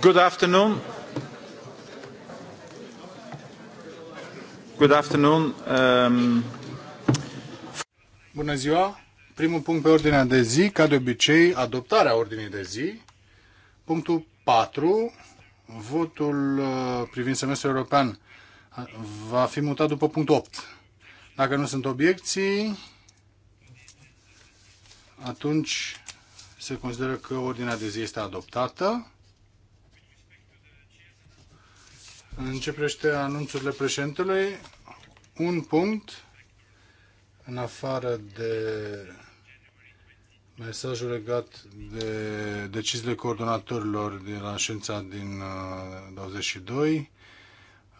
Good afternoon. Good afternoon. Um... Bună ziua. Primul punct pe ordinea de zi, ca de obicei, adoptarea ordinii de zi. Punctul 4, votul uh, privind semestrul european uh, va fi mutat după punctul 8. Dacă nu sunt obiecții, atunci se consideră că ordinea de zi este adoptată. privește anunțurile președintelui. Un punct, în afară de mesajul legat de deciziile coordonatorilor de la ședința din 22.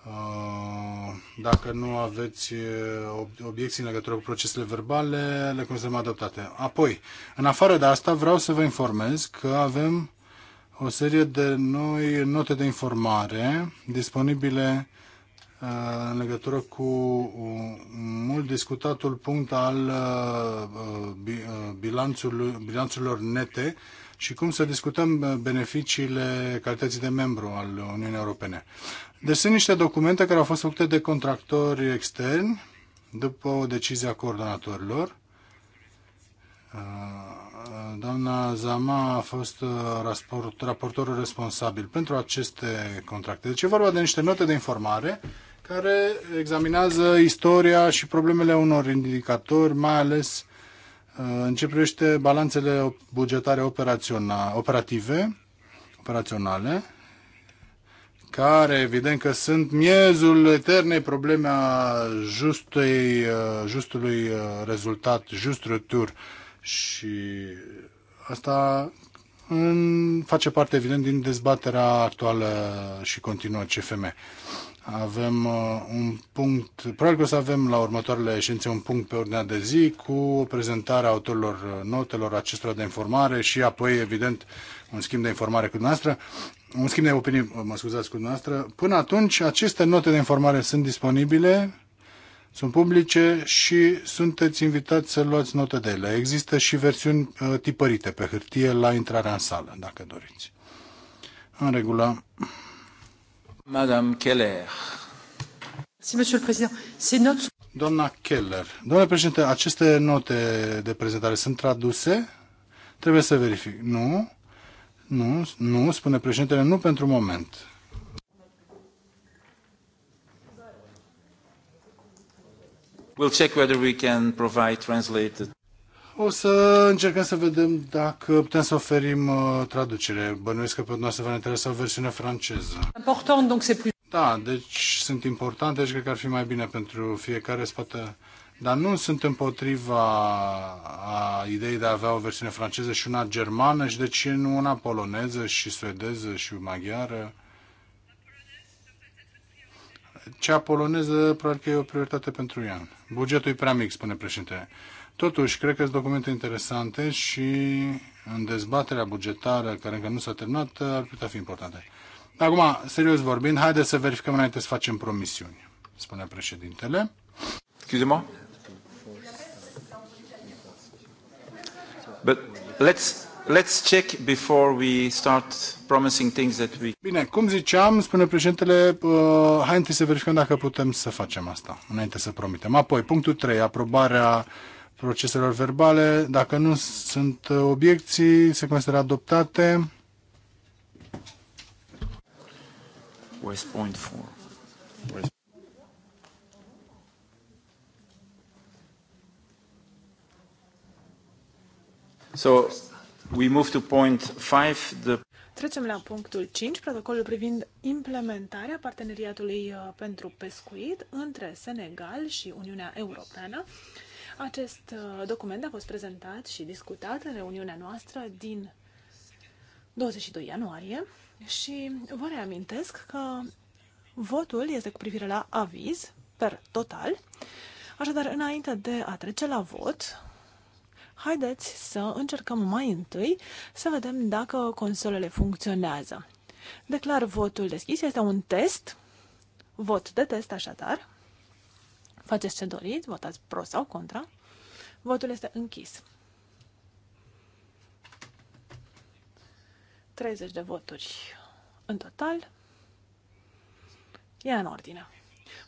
Uh, uh, dacă nu aveți uh, obiecții în legătură cu procesele verbale, le considerăm adoptate. Apoi, în afară de asta, vreau să vă informez că avem o serie de noi note de informare disponibile uh, în legătură cu uh, mult discutatul punct al uh, bilanțurilor nete și cum să discutăm beneficiile calității de membru al Uniunii Europene. Deci sunt niște documente care au fost făcute de contractori externi după o decizie a coordonatorilor Doamna Zama a fost uh, raport, raportorul responsabil pentru aceste contracte. Deci e vorba de niște note de informare care examinează istoria și problemele unor indicatori, mai ales uh, în ce privește balanțele bugetare operative, operaționale, care evident că sunt miezul eternei probleme a justei, justului uh, rezultat, just return, și asta în, face parte, evident, din dezbaterea actuală și continuă CFM. Avem uh, un punct, probabil că o să avem la următoarele ședințe un punct pe ordinea de zi cu prezentarea autorilor uh, notelor acestora de informare și apoi, evident, un schimb de informare cu dumneavoastră, un schimb de opinii, mă scuzați, cu dumneavoastră. Până atunci, aceste note de informare sunt disponibile sunt publice și sunteți invitați să luați notă de ele. Există și versiuni uh, tipărite pe hârtie la intrarea în sală, dacă doriți. În regulă. Madame Keller. Si, monsieur le président, c'est notre... Doamna Keller. Domnule președinte, aceste note de prezentare sunt traduse? Trebuie să verific. Nu. Nu, nu, spune președintele, nu pentru moment. We'll check whether we can provide translated. O să încercăm să vedem dacă putem să oferim uh, traducere. Bănuiesc că pe dumneavoastră vă interesa o versiune franceză. Important, donc c'est plus... Da, deci sunt importante și cred că ar fi mai bine pentru fiecare spate. Dar nu sunt împotriva a ideii de a avea o versiune franceză și una germană și de deci ce nu una poloneză și suedeză și maghiară. Cea poloneză probabil că e o prioritate pentru ea. Bugetul e prea mic, spune președintele. Totuși, cred că sunt documente interesante și în dezbaterea bugetară, care încă nu s-a terminat, ar putea fi importante. Acum, serios vorbind, haideți să verificăm înainte să facem promisiuni, spune președintele. Excuse-mă? But let's Let's check before we start promising things that we... Bine, cum ziceam, spune președintele, uh, hai întâi să verificăm dacă putem să facem asta, înainte să promitem. Apoi, punctul 3, aprobarea proceselor verbale. Dacă nu sunt obiecții, se consideră adoptate. West Point 4. West So We move to point five, the... Trecem la punctul 5, protocolul privind implementarea parteneriatului uh, pentru pescuit între Senegal și Uniunea Europeană. Acest uh, document a fost prezentat și discutat în reuniunea noastră din 22 ianuarie și vă reamintesc că votul este cu privire la aviz per total. Așadar, înainte de a trece la vot, haideți să încercăm mai întâi să vedem dacă consolele funcționează. Declar votul deschis, este un test, vot de test așadar. Faceți ce doriți, votați pro sau contra. Votul este închis. 30 de voturi în total. E în ordine.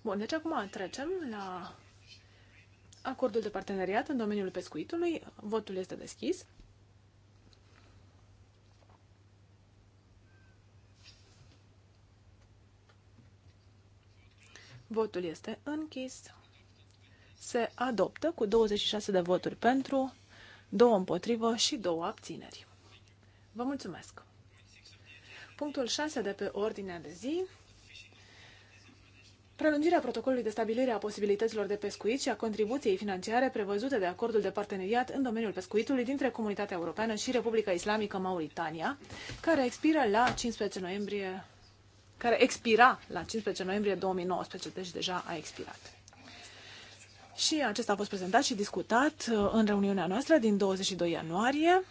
Bun, deci acum trecem la acordul de parteneriat în domeniul pescuitului. Votul este deschis. Votul este închis. Se adoptă cu 26 de voturi pentru, 2 împotrivă și 2 abțineri. Vă mulțumesc! Punctul 6 de pe ordinea de zi prelungirea protocolului de stabilire a posibilităților de pescuit și a contribuției financiare prevăzute de acordul de parteneriat în domeniul pescuitului dintre Comunitatea Europeană și Republica Islamică Mauritania, care expiră la 15 noiembrie care expira la 15 noiembrie 2019, deci deja a expirat. Și acesta a fost prezentat și discutat uh, în reuniunea noastră din 22 ianuarie.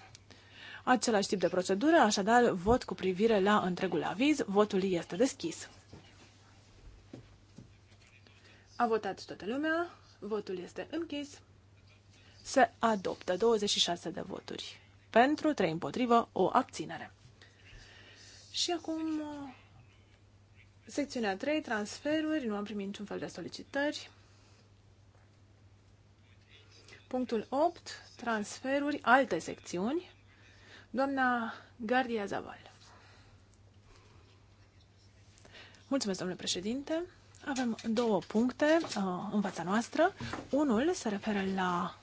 Același tip de procedură, așadar vot cu privire la întregul aviz, votul este deschis. A votat toată lumea. Votul este închis. Se adoptă 26 de voturi. Pentru, 3 împotrivă, o abținere. Și acum, secțiunea 3, transferuri. Nu am primit niciun fel de solicitări. Punctul 8, transferuri, alte secțiuni. Doamna Gardia Zaval. Mulțumesc, domnule președinte. Avem două puncte uh, în fața noastră. Unul se referă la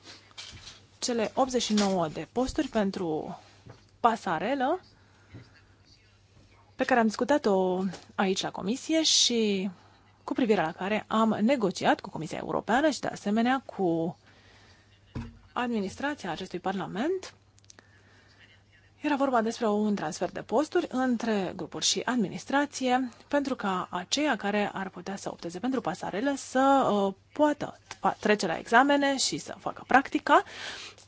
cele 89 de posturi pentru pasarelă pe care am discutat-o aici la comisie și cu privire la care am negociat cu Comisia Europeană și de asemenea cu administrația acestui Parlament era vorba despre un transfer de posturi între grupuri și administrație pentru ca aceia care ar putea să opteze pentru pasarele să uh, poată trece la examene și să facă practica.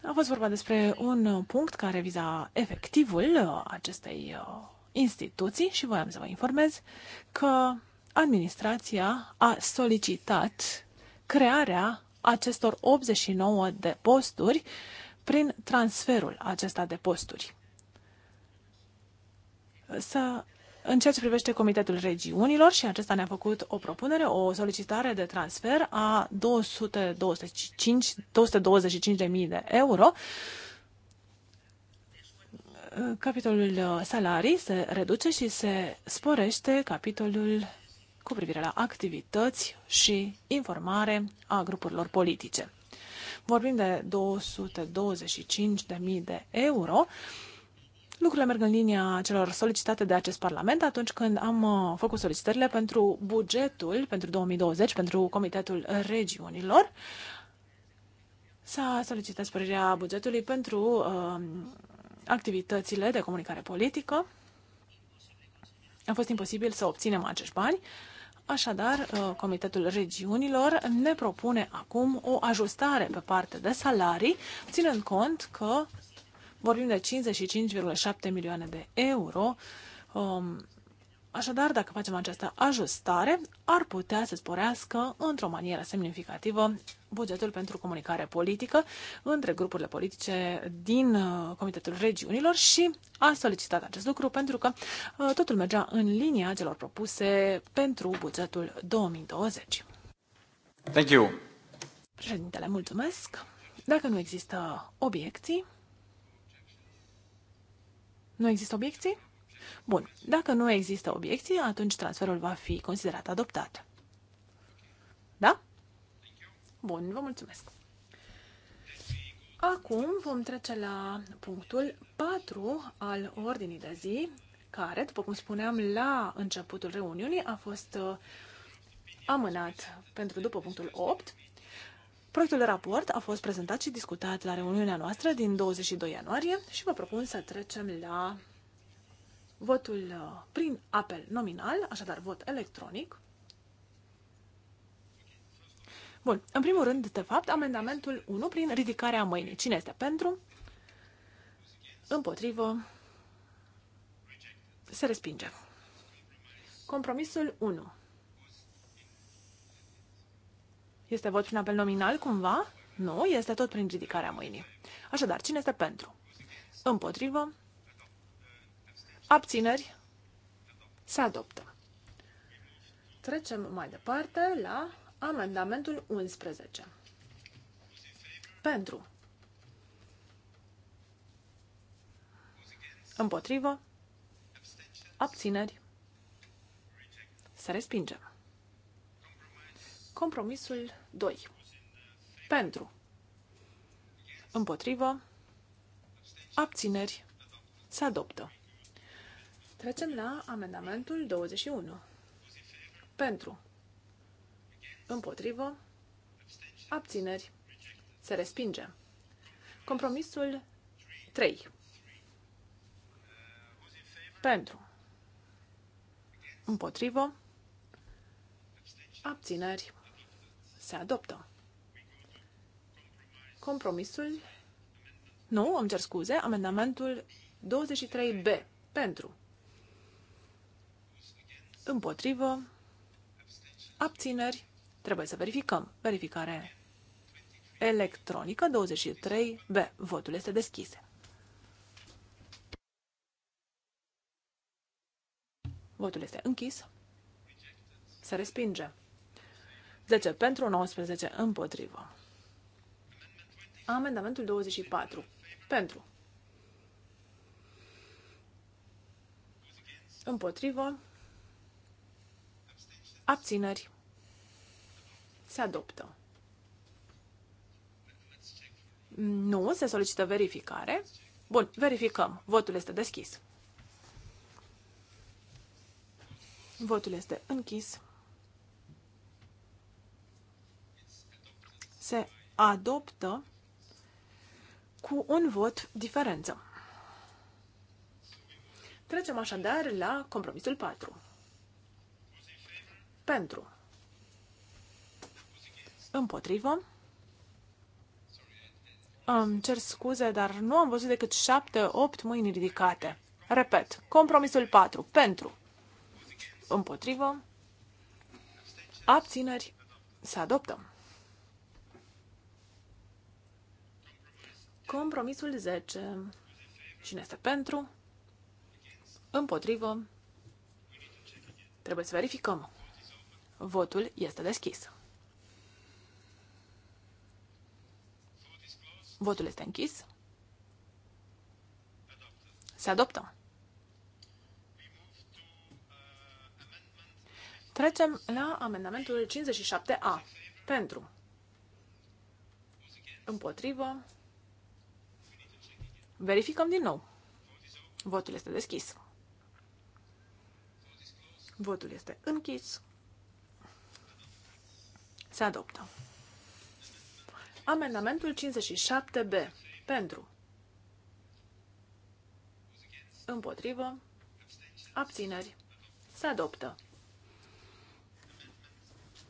A fost vorba despre un punct care viza efectivul uh, acestei uh, instituții și voiam să vă informez că administrația a solicitat crearea acestor 89 de posturi prin transferul acesta de posturi să în ceea ce privește Comitetul Regiunilor și acesta ne-a făcut o propunere, o solicitare de transfer a 225.000 de euro. Capitolul salarii se reduce și se sporește capitolul cu privire la activități și informare a grupurilor politice. Vorbim de 225.000 de euro Lucrurile merg în linia celor solicitate de acest Parlament atunci când am uh, făcut solicitările pentru bugetul pentru 2020, pentru Comitetul Regiunilor. S-a solicitat sporirea bugetului pentru uh, activitățile de comunicare politică. A fost imposibil să obținem acești bani. Așadar, uh, Comitetul Regiunilor ne propune acum o ajustare pe parte de salarii, ținând cont că Vorbim de 55,7 milioane de euro. Um, Așadar, dacă facem această ajustare, ar putea să sporească într-o manieră semnificativă bugetul pentru comunicare politică între grupurile politice din uh, Comitetul Regiunilor și a solicitat acest lucru pentru că uh, totul mergea în linia celor propuse pentru bugetul 2020. Thank you. Președintele, mulțumesc. Dacă nu există obiecții, nu există obiecții? Bun. Dacă nu există obiecții, atunci transferul va fi considerat adoptat. Da? Bun, vă mulțumesc. Acum vom trece la punctul 4 al ordinii de zi, care, după cum spuneam la începutul reuniunii, a fost uh, amânat pentru după punctul 8. Proiectul de raport a fost prezentat și discutat la reuniunea noastră din 22 ianuarie și vă propun să trecem la votul uh, prin apel nominal, așadar vot electronic. Bun, în primul rând, de fapt, amendamentul 1 prin ridicarea mâinii. Cine este pentru? Împotrivă. Se respinge. Compromisul 1. Este vot prin apel nominal, cumva? Nu, este tot prin ridicarea mâinii. Așadar, cine este pentru? Împotrivă? Abțineri? Se adoptă. Trecem mai departe la amendamentul 11. Pentru. Împotrivă? Abțineri? Se respingem. Compromisul 2. Pentru. Împotrivă. Abțineri. Se adoptă. Trecem la amendamentul 21. Pentru. Împotrivă. Abțineri. Se respinge. Compromisul 3. Pentru. Împotrivă. Abțineri. Se adoptă. Compromisul. Nu, îmi cer scuze. Amendamentul 23B. Pentru. Împotrivă. Abțineri. Trebuie să verificăm. Verificare electronică 23B. Votul este deschis. Votul este închis. Se respinge. 10 deci, pentru, 19 împotrivă. Amendamentul 24. Pentru. Împotrivă. Abțineri. Se adoptă. Nu, se solicită verificare. Bun, verificăm. Votul este deschis. Votul este închis. se adoptă cu un vot diferență. Trecem așadar la compromisul 4. Pentru. Împotrivă. Îmi cer scuze, dar nu am văzut decât 7-8 mâini ridicate. Repet, compromisul 4. Pentru. Împotrivă. Abțineri. Să adoptăm. Compromisul 10. Cine este pentru? Împotrivă. Trebuie să verificăm. Votul este deschis. Votul este închis. Se adoptă. Trecem la amendamentul 57A. Pentru. Împotrivă. Verificăm din nou. Votul este deschis. Votul este închis. Se adoptă. Amendamentul 57B. Pentru. Împotrivă. Abțineri. Se adoptă.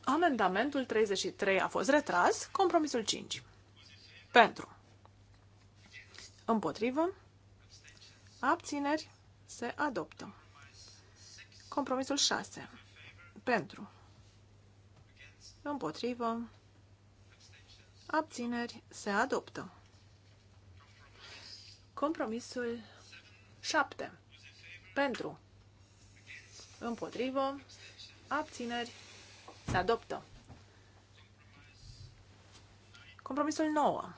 Amendamentul 33 a fost retras. Compromisul 5. Pentru. Împotrivă. Abțineri. Se adoptă. Compromisul 6. Pentru. Împotrivă. Abțineri. Se adoptă. Compromisul 7. Pentru. Împotrivă. Abțineri. Se adoptă. Compromisul 9.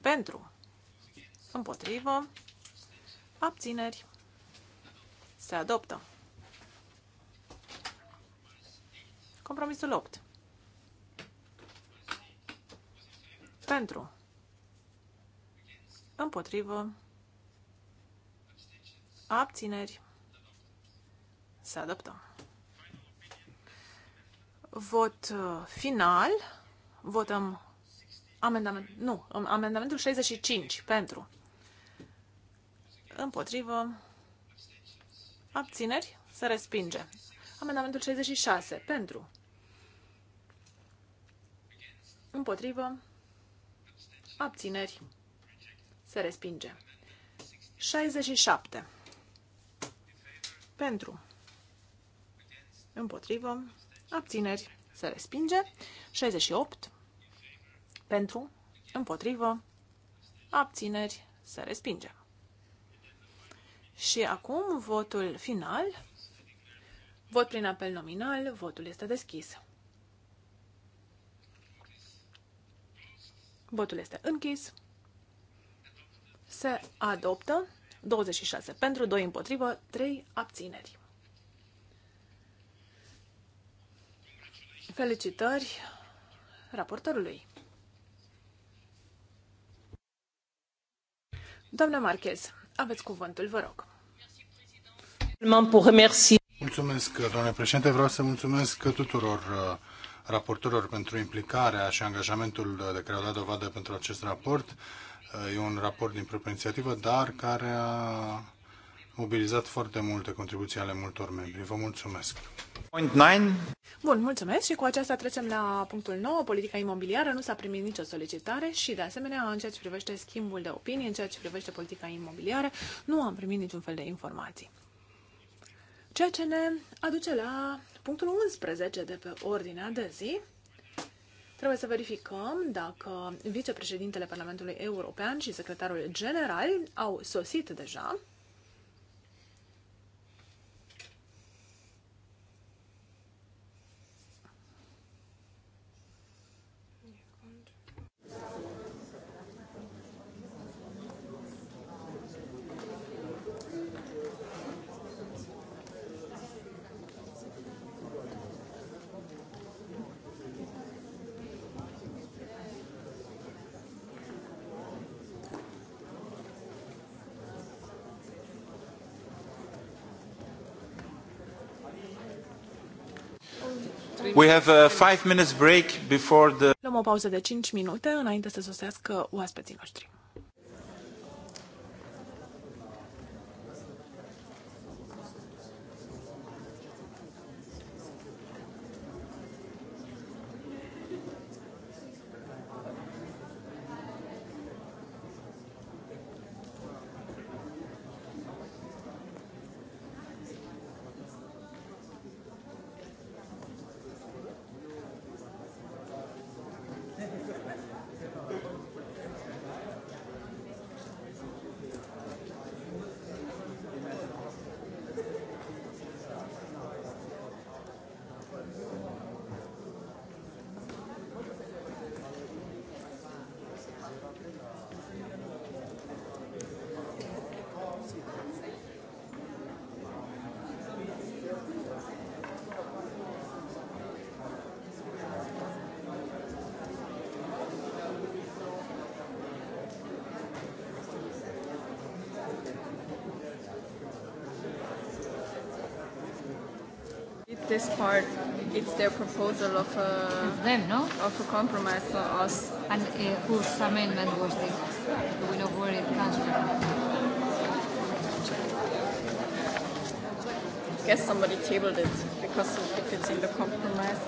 Pentru. Împotrivă. Abțineri. Se adoptă. Compromisul 8. Pentru. Împotrivă. Abțineri. Se adoptă. Vot uh, final. Votăm amendament, nu, amendamentul 65 pentru împotrivă, abțineri, se respinge. Amendamentul 66, pentru, împotrivă, abțineri, se respinge. 67, pentru, împotrivă, abțineri, se respinge. 68, pentru, împotrivă, abțineri, se respinge. Și acum votul final. Vot prin apel nominal. Votul este deschis. Votul este închis. Se adoptă 26 pentru, 2 împotrivă, 3 abțineri. Felicitări raportorului. Doamna Marchez, aveți cuvântul, vă rog. Mulțumesc, domnule președinte. Vreau să mulțumesc tuturor uh, raportorilor pentru implicarea și angajamentul de care au dat dovadă pentru acest raport. Uh, e un raport din propria inițiativă, dar care a mobilizat foarte multe contribuții ale multor membri. Vă mulțumesc. Point 9. Bun, mulțumesc și cu aceasta trecem la punctul 9, politica imobiliară. Nu s-a primit nicio solicitare și, de asemenea, în ceea ce privește schimbul de opinii, în ceea ce privește politica imobiliară, nu am primit niciun fel de informații. Ceea ce ne aduce la punctul 11 de pe ordinea de zi. Trebuie să verificăm dacă vicepreședintele Parlamentului European și secretarul general au sosit deja. We have a five minutes break before the... Luăm o pauză de 5 minute înainte să sosească oaspeții noștri. part, it's their proposal of a it's them, no? Of a compromise for us. And uh, whose amendment was this? Do we know where it comes from? I guess somebody tabled it because if it's in the compromise.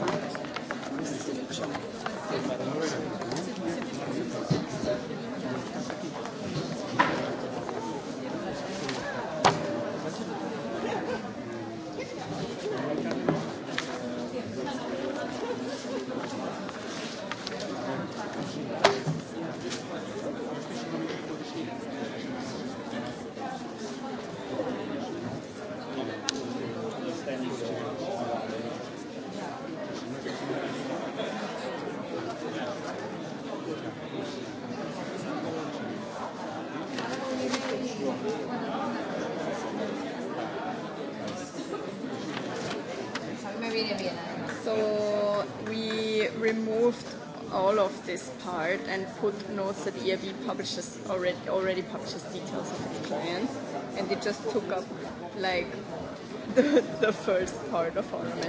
Put notes that EIB publishes already already publishes details of its clients, and it just took up like the, the first part of our.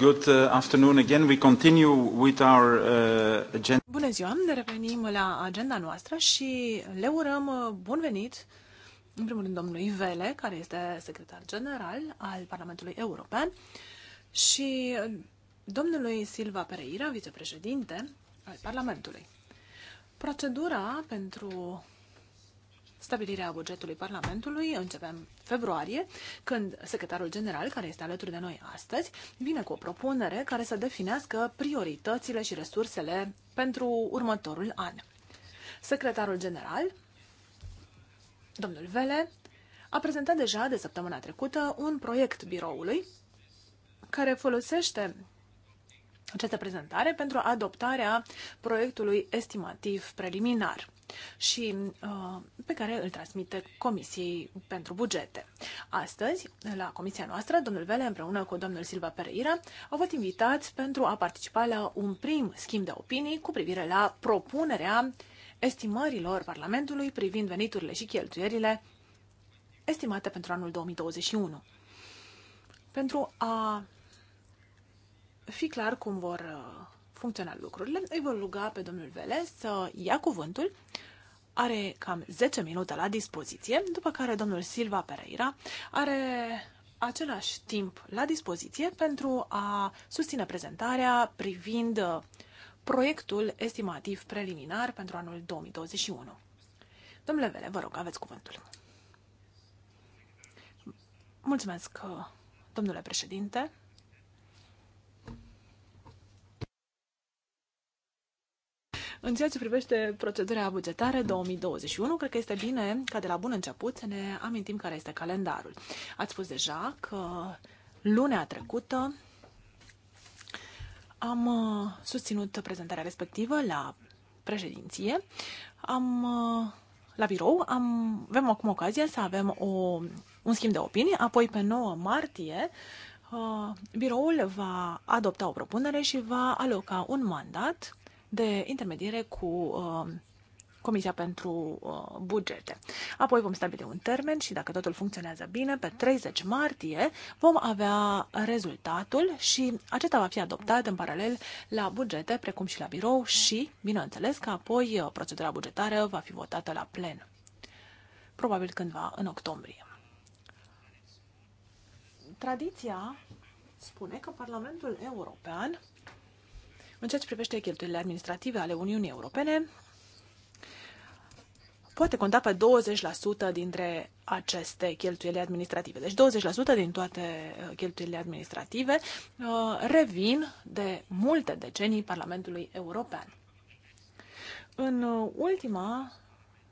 Good uh, afternoon again. We continue with our uh, agenda. Bună ziua, ne revenim la agenda noastră și le urăm uh, bun venit în primul rând domnului Vele, care este secretar general al Parlamentului European și domnului Silva Pereira, vicepreședinte al Parlamentului. Procedura pentru stabilirea bugetului Parlamentului. Începem februarie, când secretarul general, care este alături de noi astăzi, vine cu o propunere care să definească prioritățile și resursele pentru următorul an. Secretarul general, domnul Vele, a prezentat deja de săptămâna trecută un proiect biroului care folosește această prezentare pentru adoptarea proiectului estimativ preliminar și uh, pe care îl transmite Comisiei pentru Bugete. Astăzi, la comisia noastră, domnul Vele împreună cu domnul Silva Pereira au fost invitați pentru a participa la un prim schimb de opinii cu privire la propunerea estimărilor Parlamentului privind veniturile și cheltuierile estimate pentru anul 2021. Pentru a fi clar cum vor uh, funcționa lucrurile, îi vor ruga pe domnul Vele să ia cuvântul. Are cam 10 minute la dispoziție, după care domnul Silva Pereira are același timp la dispoziție pentru a susține prezentarea privind uh, proiectul estimativ preliminar pentru anul 2021. Domnule Vele, vă rog, aveți cuvântul. Mulțumesc, uh, domnule președinte. În ceea ce privește procedura bugetară 2021, cred că este bine ca de la bun început să ne amintim care este calendarul. Ați spus deja că lunea trecută am uh, susținut prezentarea respectivă la președinție. Am uh, la birou am, avem acum ocazia să avem o, un schimb de opinii, apoi pe 9 martie uh, biroul va adopta o propunere și va aloca un mandat de intermediere cu uh, Comisia pentru uh, bugete. Apoi vom stabili un termen și dacă totul funcționează bine, pe 30 martie vom avea rezultatul și acesta va fi adoptat în paralel la bugete, precum și la birou și, bineînțeles, că apoi uh, procedura bugetară va fi votată la plen. Probabil cândva în octombrie. Tradiția spune că Parlamentul European în ceea ce privește cheltuielile administrative ale Uniunii Europene, poate conta pe 20% dintre aceste cheltuieli administrative. Deci 20% din toate uh, cheltuielile administrative uh, revin de multe decenii Parlamentului European. În uh, ultima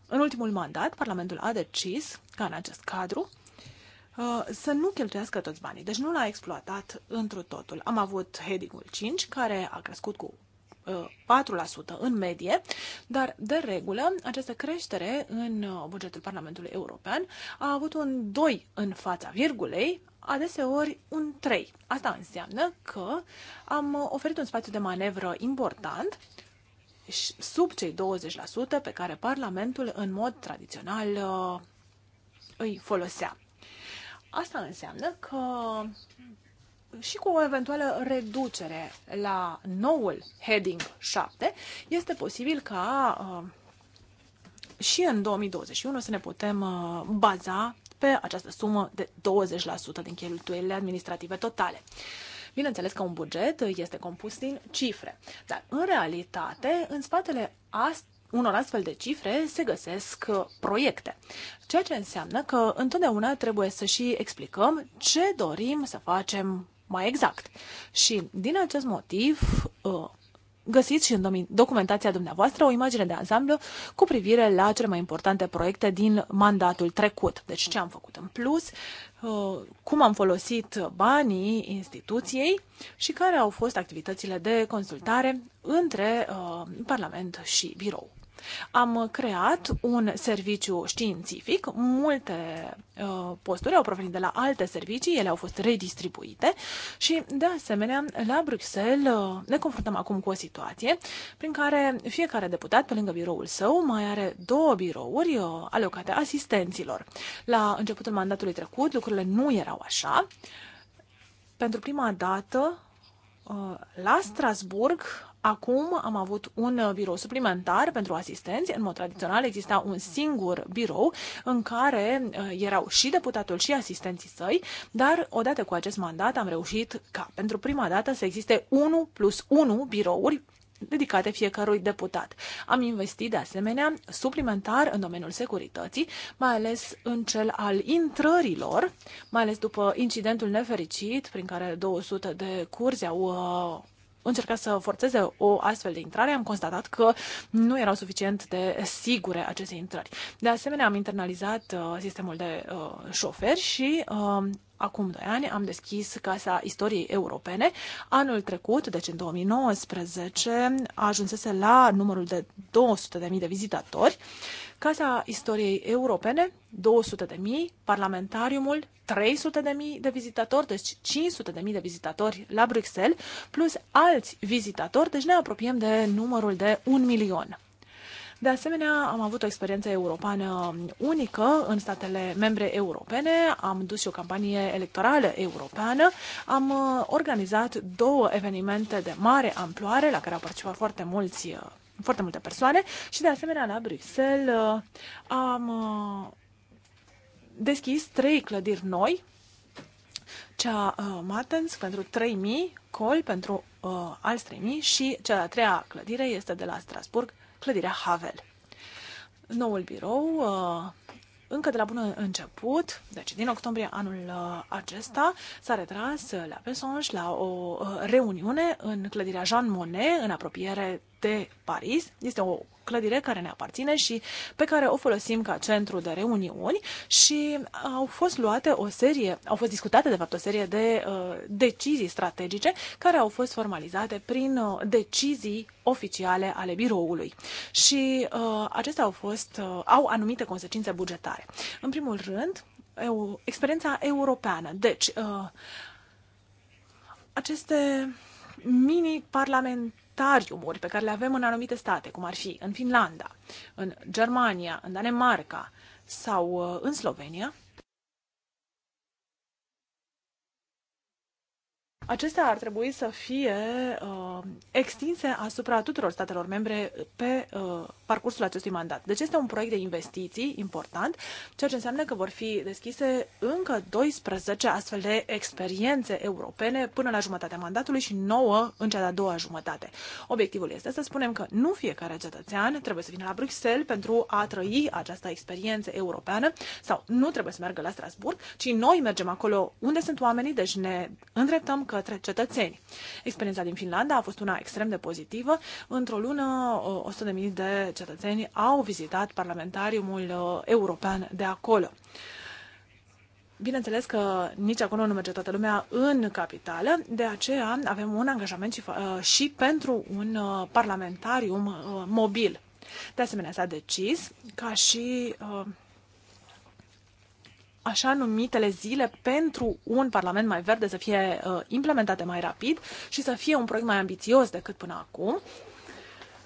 în ultimul mandat, Parlamentul a decis ca în acest cadru Uh, să nu cheltuiască toți banii. Deci nu l-a exploatat întru totul. Am avut heading-ul 5, care a crescut cu 4% uh, în medie, dar de regulă această creștere în uh, bugetul Parlamentului European a avut un 2 în fața virgulei, adeseori un 3. Asta înseamnă că am oferit un spațiu de manevră important sub cei 20% pe care Parlamentul în mod tradițional îi folosea. Asta înseamnă că și cu o eventuală reducere la noul heading 7, este posibil ca uh, și în 2021 să ne putem uh, baza pe această sumă de 20% din cheltuielile administrative totale. Bineînțeles că un buget este compus din cifre, dar în realitate, în spatele asta unor astfel de cifre se găsesc uh, proiecte. Ceea ce înseamnă că întotdeauna trebuie să și explicăm ce dorim să facem mai exact. Și din acest motiv, uh, găsiți și în documentația dumneavoastră o imagine de ansamblu cu privire la cele mai importante proiecte din mandatul trecut. Deci ce am făcut în plus, uh, cum am folosit banii instituției și care au fost activitățile de consultare între uh, Parlament și birou. Am creat un serviciu științific, multe uh, posturi au provenit de la alte servicii, ele au fost redistribuite și, de asemenea, la Bruxelles uh, ne confruntăm acum cu o situație prin care fiecare deputat, pe lângă biroul său, mai are două birouri uh, alocate asistenților. La începutul mandatului trecut, lucrurile nu erau așa. Pentru prima dată, la Strasburg Acum am avut un uh, birou suplimentar pentru asistenți. În mod tradițional exista un singur birou în care uh, erau și deputatul și asistenții săi, dar odată cu acest mandat am reușit ca pentru prima dată să existe 1 plus 1 birouri dedicate fiecărui deputat. Am investit de asemenea suplimentar în domeniul securității, mai ales în cel al intrărilor, mai ales după incidentul nefericit prin care 200 de curzi au uh, încerca să forțeze o astfel de intrare, am constatat că nu erau suficient de sigure aceste intrări. De asemenea, am internalizat uh, sistemul de uh, șoferi și uh, acum 2 ani am deschis Casa Istoriei Europene. Anul trecut, deci în 2019, ajunsese la numărul de 200.000 de vizitatori Casa Istoriei Europene, 200 de mii, Parlamentariumul, 300 de mii de vizitatori, deci 500 de mii de vizitatori la Bruxelles, plus alți vizitatori, deci ne apropiem de numărul de un milion. De asemenea, am avut o experiență europeană unică în statele membre europene, am dus și o campanie electorală europeană, am uh, organizat două evenimente de mare amploare la care au participat foarte mulți uh, foarte multe persoane și de asemenea la Bruxelles uh, am uh, deschis trei clădiri noi, cea uh, Martens pentru 3000, Col pentru uh, alți 3000 și cea de-a treia clădire este de la Strasburg, clădirea Havel. Noul birou uh, încă de la bun început, deci din octombrie anul uh, acesta, s-a retras la Pesange la o reuniune în clădirea Jean Monnet, în apropiere de Paris. Este o clădire care ne aparține și pe care o folosim ca centru de reuniuni și au fost luate o serie, au fost discutate de fapt o serie de uh, decizii strategice care au fost formalizate prin uh, decizii oficiale ale biroului și uh, acestea au fost uh, au anumite consecințe bugetare. În primul rând, eu, experiența europeană. Deci uh, aceste mini parlament planetariumuri pe care le avem în anumite state, cum ar fi în Finlanda, în Germania, în Danemarca sau uh, în Slovenia, acestea ar trebui să fie uh, extinse asupra tuturor statelor membre pe uh, parcursul acestui mandat. Deci este un proiect de investiții important, ceea ce înseamnă că vor fi deschise încă 12 astfel de experiențe europene până la jumătatea mandatului și 9 în cea de-a doua jumătate. Obiectivul este să spunem că nu fiecare cetățean trebuie să vină la Bruxelles pentru a trăi această experiență europeană sau nu trebuie să meargă la Strasburg, ci noi mergem acolo unde sunt oamenii, deci ne îndreptăm că către cetățeni. Experiența din Finlanda a fost una extrem de pozitivă. Într-o lună, 100.000 de cetățeni au vizitat parlamentariumul uh, european de acolo. Bineînțeles că nici acolo nu merge toată lumea în capitală, de aceea avem un angajament și, uh, și pentru un uh, parlamentarium mobil. De asemenea, s-a decis ca și așa numitele zile pentru un Parlament mai verde să fie uh, implementate mai rapid și să fie un proiect mai ambițios decât până acum.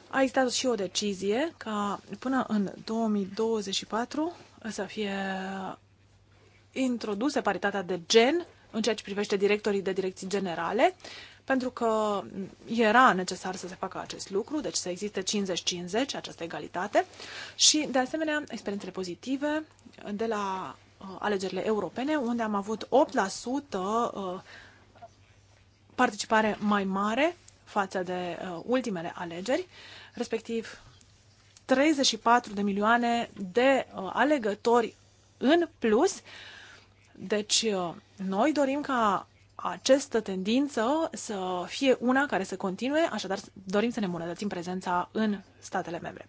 A existat și o decizie ca până în 2024 să fie introduse paritatea de gen în ceea ce privește directorii de direcții generale, pentru că era necesar să se facă acest lucru, deci să existe 50-50 această egalitate și, de asemenea, experiențele pozitive de la Uh, alegerile europene, unde am avut 8% uh, participare mai mare față de uh, ultimele alegeri, respectiv 34 de milioane de alegători în plus. Deci, noi dorim ca această tendință să fie una care să continue, așadar dorim să ne îmbunătățim prezența în statele membre.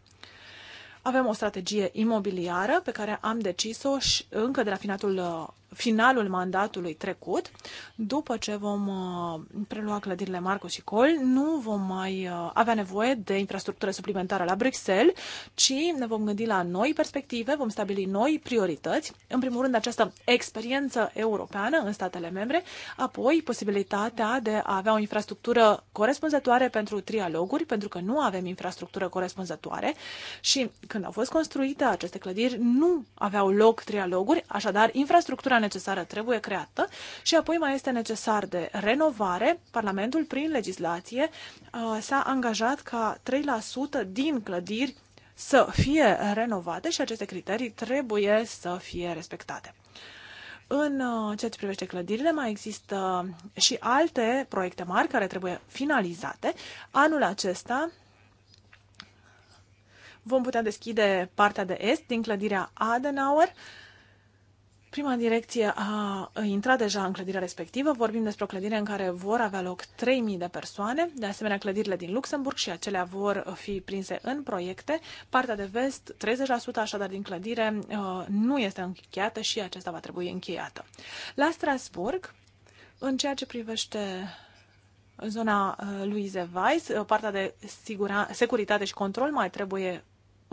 Avem o strategie imobiliară pe care am decis-o și încă de la finatul uh, finalul mandatului trecut. După ce vom uh, prelua clădirile Marco și Col, nu vom mai uh, avea nevoie de infrastructură suplimentară la Bruxelles, ci ne vom gândi la noi perspective, vom stabili noi priorități. În primul rând, această experiență europeană în statele membre, apoi posibilitatea de a avea o infrastructură corespunzătoare pentru trialoguri, pentru că nu avem infrastructură corespunzătoare și când au fost construite aceste clădiri, nu aveau loc trialoguri, așadar infrastructura necesară trebuie creată și apoi mai este necesar de renovare. Parlamentul, prin legislație, uh, s-a angajat ca 3% din clădiri să fie renovate și aceste criterii trebuie să fie respectate. În uh, ceea ce privește clădirile, mai există și alte proiecte mari care trebuie finalizate. Anul acesta vom putea deschide partea de est din clădirea Adenauer Prima direcție a intrat deja în clădirea respectivă. Vorbim despre o clădire în care vor avea loc 3.000 de persoane. De asemenea, clădirile din Luxemburg și acelea vor fi prinse în proiecte. Partea de vest, 30% așadar din clădire, uh, nu este încheiată și acesta va trebui încheiată. La Strasburg, în ceea ce privește zona uh, lui Weiss, uh, partea de sigura, securitate și control mai trebuie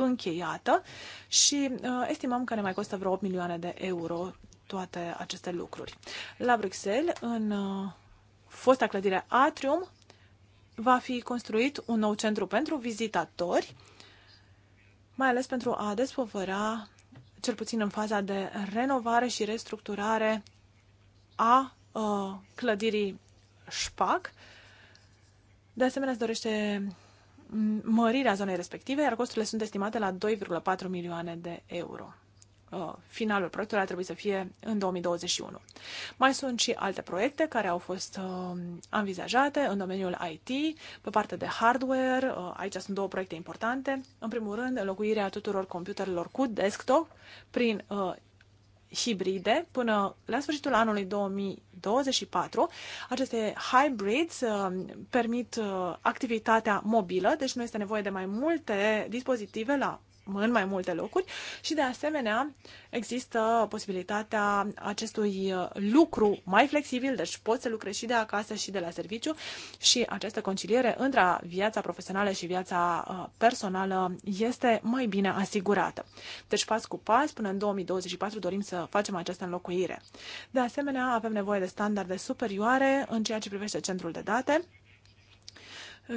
încheiată și uh, estimăm că ne mai costă vreo 8 milioane de euro toate aceste lucruri. La Bruxelles, în uh, fosta clădire Atrium, va fi construit un nou centru pentru vizitatori, mai ales pentru a despovăra, cel puțin în faza de renovare și restructurare a uh, clădirii SPAC. De asemenea, se dorește mărirea zonei respective, iar costurile sunt estimate la 2,4 milioane de euro. Uh, finalul proiectului ar trebui să fie în 2021. Mai sunt și alte proiecte care au fost uh, anvizajate în domeniul IT, pe partea de hardware. Uh, aici sunt două proiecte importante. În primul rând, înlocuirea tuturor computerelor cu desktop prin hibride până la sfârșitul anului 2024. Aceste hybrids uh, permit uh, activitatea mobilă, deci nu este nevoie de mai multe dispozitive la în mai multe locuri și de asemenea există posibilitatea acestui uh, lucru mai flexibil, deci poți să lucrezi și de acasă și de la serviciu și această conciliere între viața profesională și viața uh, personală este mai bine asigurată. Deci pas cu pas, până în 2024 dorim să facem această înlocuire. De asemenea, avem nevoie de standarde superioare în ceea ce privește centrul de date,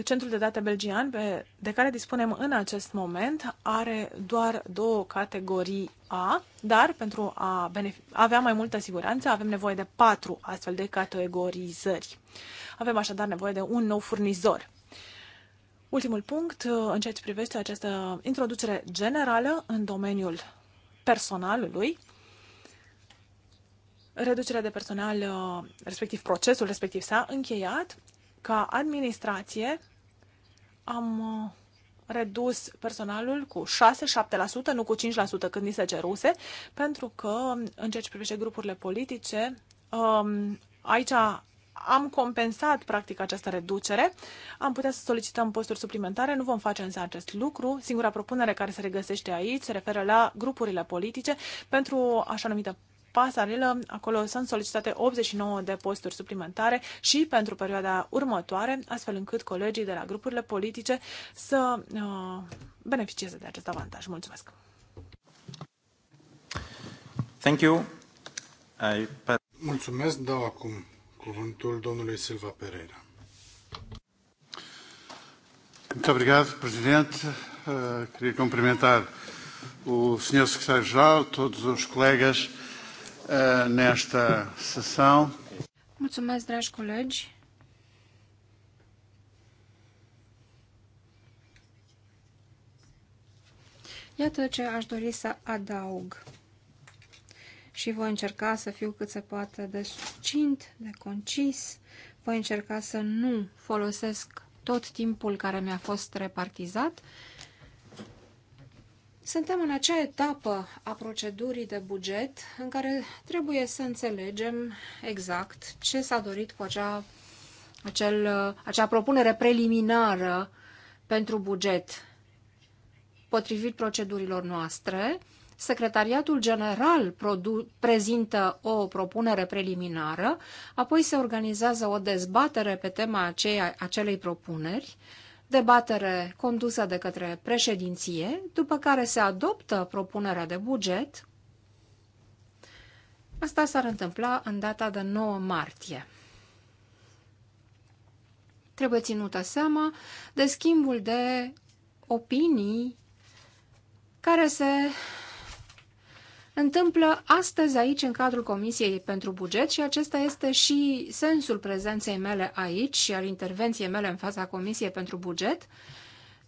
Centrul de date belgian pe, de care dispunem în acest moment are doar două categorii A, dar pentru a avea mai multă siguranță avem nevoie de patru astfel de categorizări. Avem așadar nevoie de un nou furnizor. Ultimul punct în ceea ce privește această introducere generală în domeniul personalului, reducerea de personal, uh, respectiv procesul respectiv s-a încheiat. Ca administrație am uh, redus personalul cu 6-7%, nu cu 5% când ni se ceruse, pentru că în ceea ce privește grupurile politice, um, aici am compensat practic această reducere. Am putea să solicităm posturi suplimentare, nu vom face însă acest lucru. Singura propunere care se regăsește aici se referă la grupurile politice pentru așa numită pasarelă, acolo sunt solicitate 89 de posturi suplimentare și pentru perioada următoare, astfel încât colegii de la grupurile politice să uh, beneficieze de acest avantaj. Mulțumesc! Thank you. I... Mulțumesc, dau acum cuvântul domnului Silva Pereira. Muito obrigado, Presidente. Uh, queria cumprimentar o Sr. Secretário-Geral, todos os colegas Uh, nesta sessão. Mulțumesc, dragi colegi. Iată ce aș dori să adaug. Și voi încerca să fiu cât se poate de succint, de concis. Voi încerca să nu folosesc tot timpul care mi-a fost repartizat suntem în acea etapă a procedurii de buget în care trebuie să înțelegem exact ce s-a dorit cu acea, acel, acea propunere preliminară pentru buget. Potrivit procedurilor noastre, Secretariatul General prezintă o propunere preliminară, apoi se organizează o dezbatere pe tema acelei propuneri dezbatere condusă de către președinție, după care se adoptă propunerea de buget. Asta s-ar întâmpla în data de 9 martie. Trebuie ținută seama de schimbul de opinii care se întâmplă astăzi aici în cadrul Comisiei pentru Buget și acesta este și sensul prezenței mele aici și al intervenției mele în fața Comisiei pentru Buget,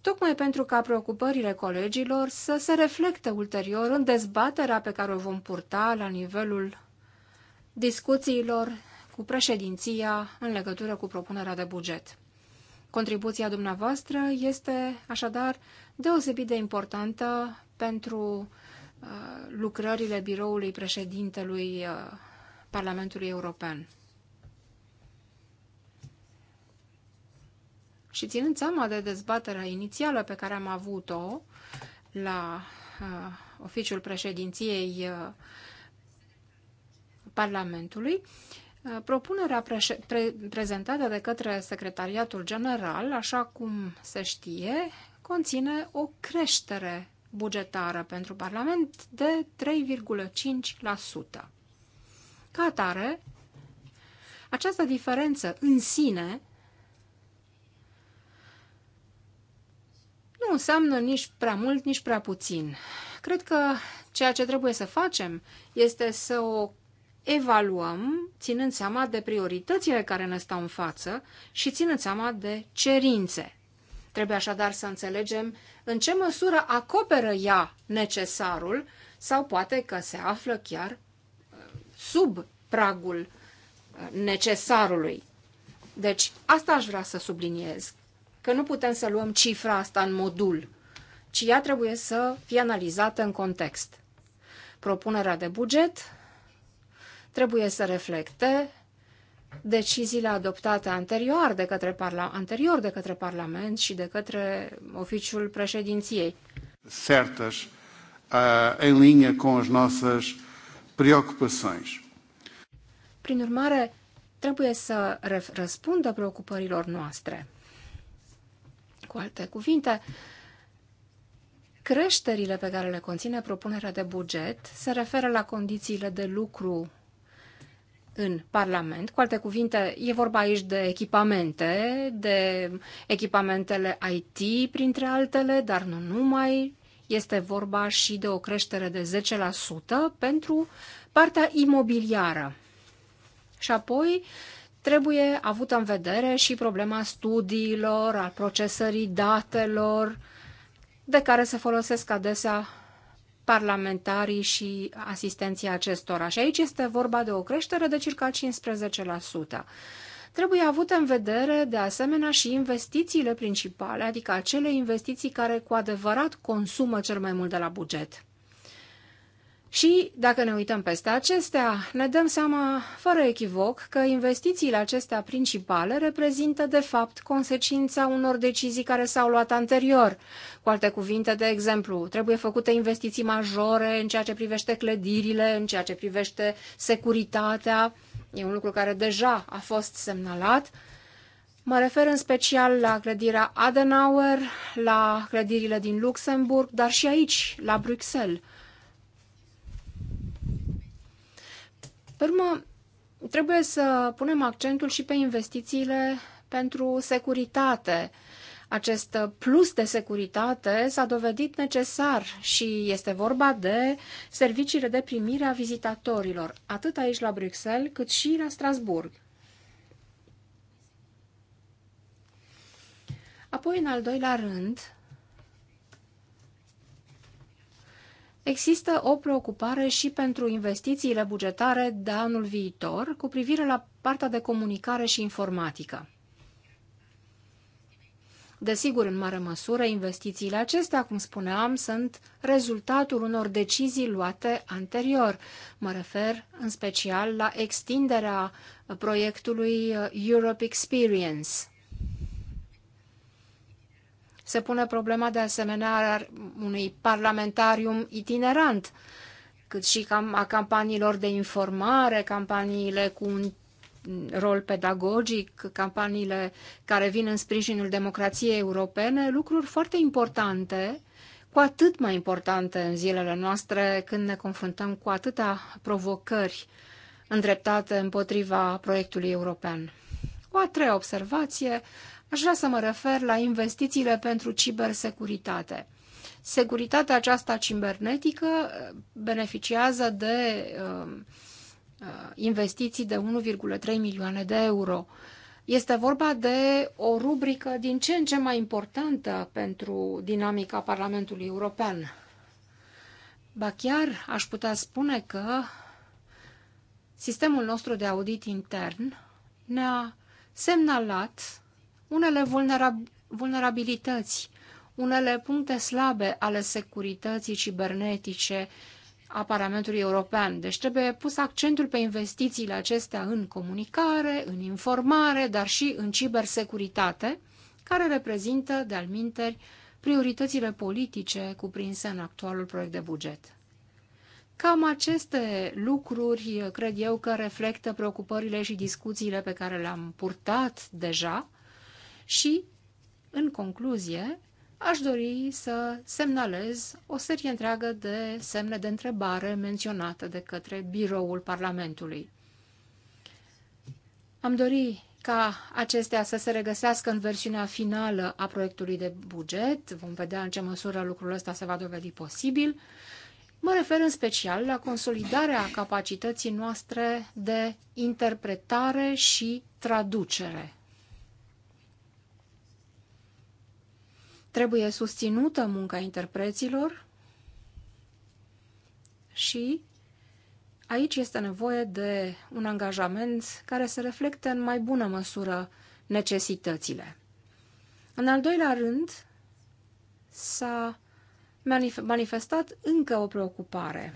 tocmai pentru ca preocupările colegilor să se reflecte ulterior în dezbaterea pe care o vom purta la nivelul discuțiilor cu președinția în legătură cu propunerea de buget. Contribuția dumneavoastră este așadar deosebit de importantă pentru Uh, lucrările biroului președintelui uh, Parlamentului European. Și ținând seama de dezbaterea inițială pe care am avut-o la uh, oficiul președinției uh, Parlamentului, uh, propunerea pre pre prezentată de către Secretariatul General, așa cum se știe, conține o creștere bugetară pentru Parlament de 3,5%. Ca atare, această diferență în sine nu înseamnă nici prea mult, nici prea puțin. Cred că ceea ce trebuie să facem este să o evaluăm, ținând seama de prioritățile care ne stau în față și ținând seama de cerințe. Trebuie așadar să înțelegem în ce măsură acoperă ea necesarul sau poate că se află chiar uh, sub pragul uh, necesarului. Deci, asta aș vrea să subliniez, că nu putem să luăm cifra asta în modul, ci ea trebuie să fie analizată în context. Propunerea de buget trebuie să reflecte deciziile adoptate anterior de către, parla anterior de către Parlament și de către oficiul președinției. Certas, în linie cu as nossas preocupações. Prin urmare, trebuie să răspundă preocupărilor noastre. Cu alte cuvinte, creșterile pe care le conține propunerea de buget se referă la condițiile de lucru în Parlament. Cu alte cuvinte, e vorba aici de echipamente, de echipamentele IT, printre altele, dar nu numai. Este vorba și de o creștere de 10% pentru partea imobiliară. Și apoi trebuie avută în vedere și problema studiilor, al procesării datelor, de care se folosesc adesea parlamentarii și asistenții acestora. Și aici este vorba de o creștere de circa 15%. Trebuie avut în vedere, de asemenea, și investițiile principale, adică acele investiții care cu adevărat consumă cel mai mult de la buget. Și dacă ne uităm peste acestea, ne dăm seama, fără echivoc, că investițiile acestea principale reprezintă, de fapt, consecința unor decizii care s-au luat anterior. Cu alte cuvinte, de exemplu, trebuie făcute investiții majore în ceea ce privește clădirile, în ceea ce privește securitatea. E un lucru care deja a fost semnalat. Mă refer în special la clădirea Adenauer, la clădirile din Luxemburg, dar și aici, la Bruxelles urmă, trebuie să punem accentul și pe investițiile pentru securitate. Acest plus de securitate s-a dovedit necesar și este vorba de serviciile de primire a vizitatorilor, atât aici la Bruxelles cât și la Strasburg. Apoi, în al doilea rând, Există o preocupare și pentru investițiile bugetare de anul viitor cu privire la partea de comunicare și informatică. Desigur, în mare măsură, investițiile acestea, cum spuneam, sunt rezultatul unor decizii luate anterior. Mă refer în special la extinderea proiectului uh, Europe Experience – se pune problema de asemenea unui parlamentarium itinerant, cât și cam a campaniilor de informare, campaniile cu un rol pedagogic, campaniile care vin în sprijinul democrației europene, lucruri foarte importante, cu atât mai importante în zilele noastre când ne confruntăm cu atâtea provocări îndreptate împotriva proiectului european. O a treia observație Aș vrea să mă refer la investițiile pentru cibersecuritate. Securitatea aceasta cibernetică uh, beneficiază de um, uh, investiții de 1,3 milioane de euro. Este vorba de o rubrică din ce în ce mai importantă pentru dinamica Parlamentului European. Ba chiar aș putea spune că sistemul nostru de audit intern ne-a semnalat unele vulnerab vulnerabilități, unele puncte slabe ale securității cibernetice a Parlamentului European. Deci trebuie pus accentul pe investițiile acestea în comunicare, în informare, dar și în cibersecuritate, care reprezintă, de-al minteri, prioritățile politice cuprinse în actualul proiect de buget. Cam aceste lucruri cred eu că reflectă preocupările și discuțiile pe care le-am purtat deja și, în concluzie, aș dori să semnalez o serie întreagă de semne de întrebare menționate de către biroul Parlamentului. Am dori ca acestea să se regăsească în versiunea finală a proiectului de buget. Vom vedea în ce măsură lucrul ăsta se va dovedi posibil. Mă refer în special la consolidarea capacității noastre de interpretare și traducere Trebuie susținută munca interpreților și aici este nevoie de un angajament care să reflecte în mai bună măsură necesitățile. În al doilea rând, s-a manifestat încă o preocupare.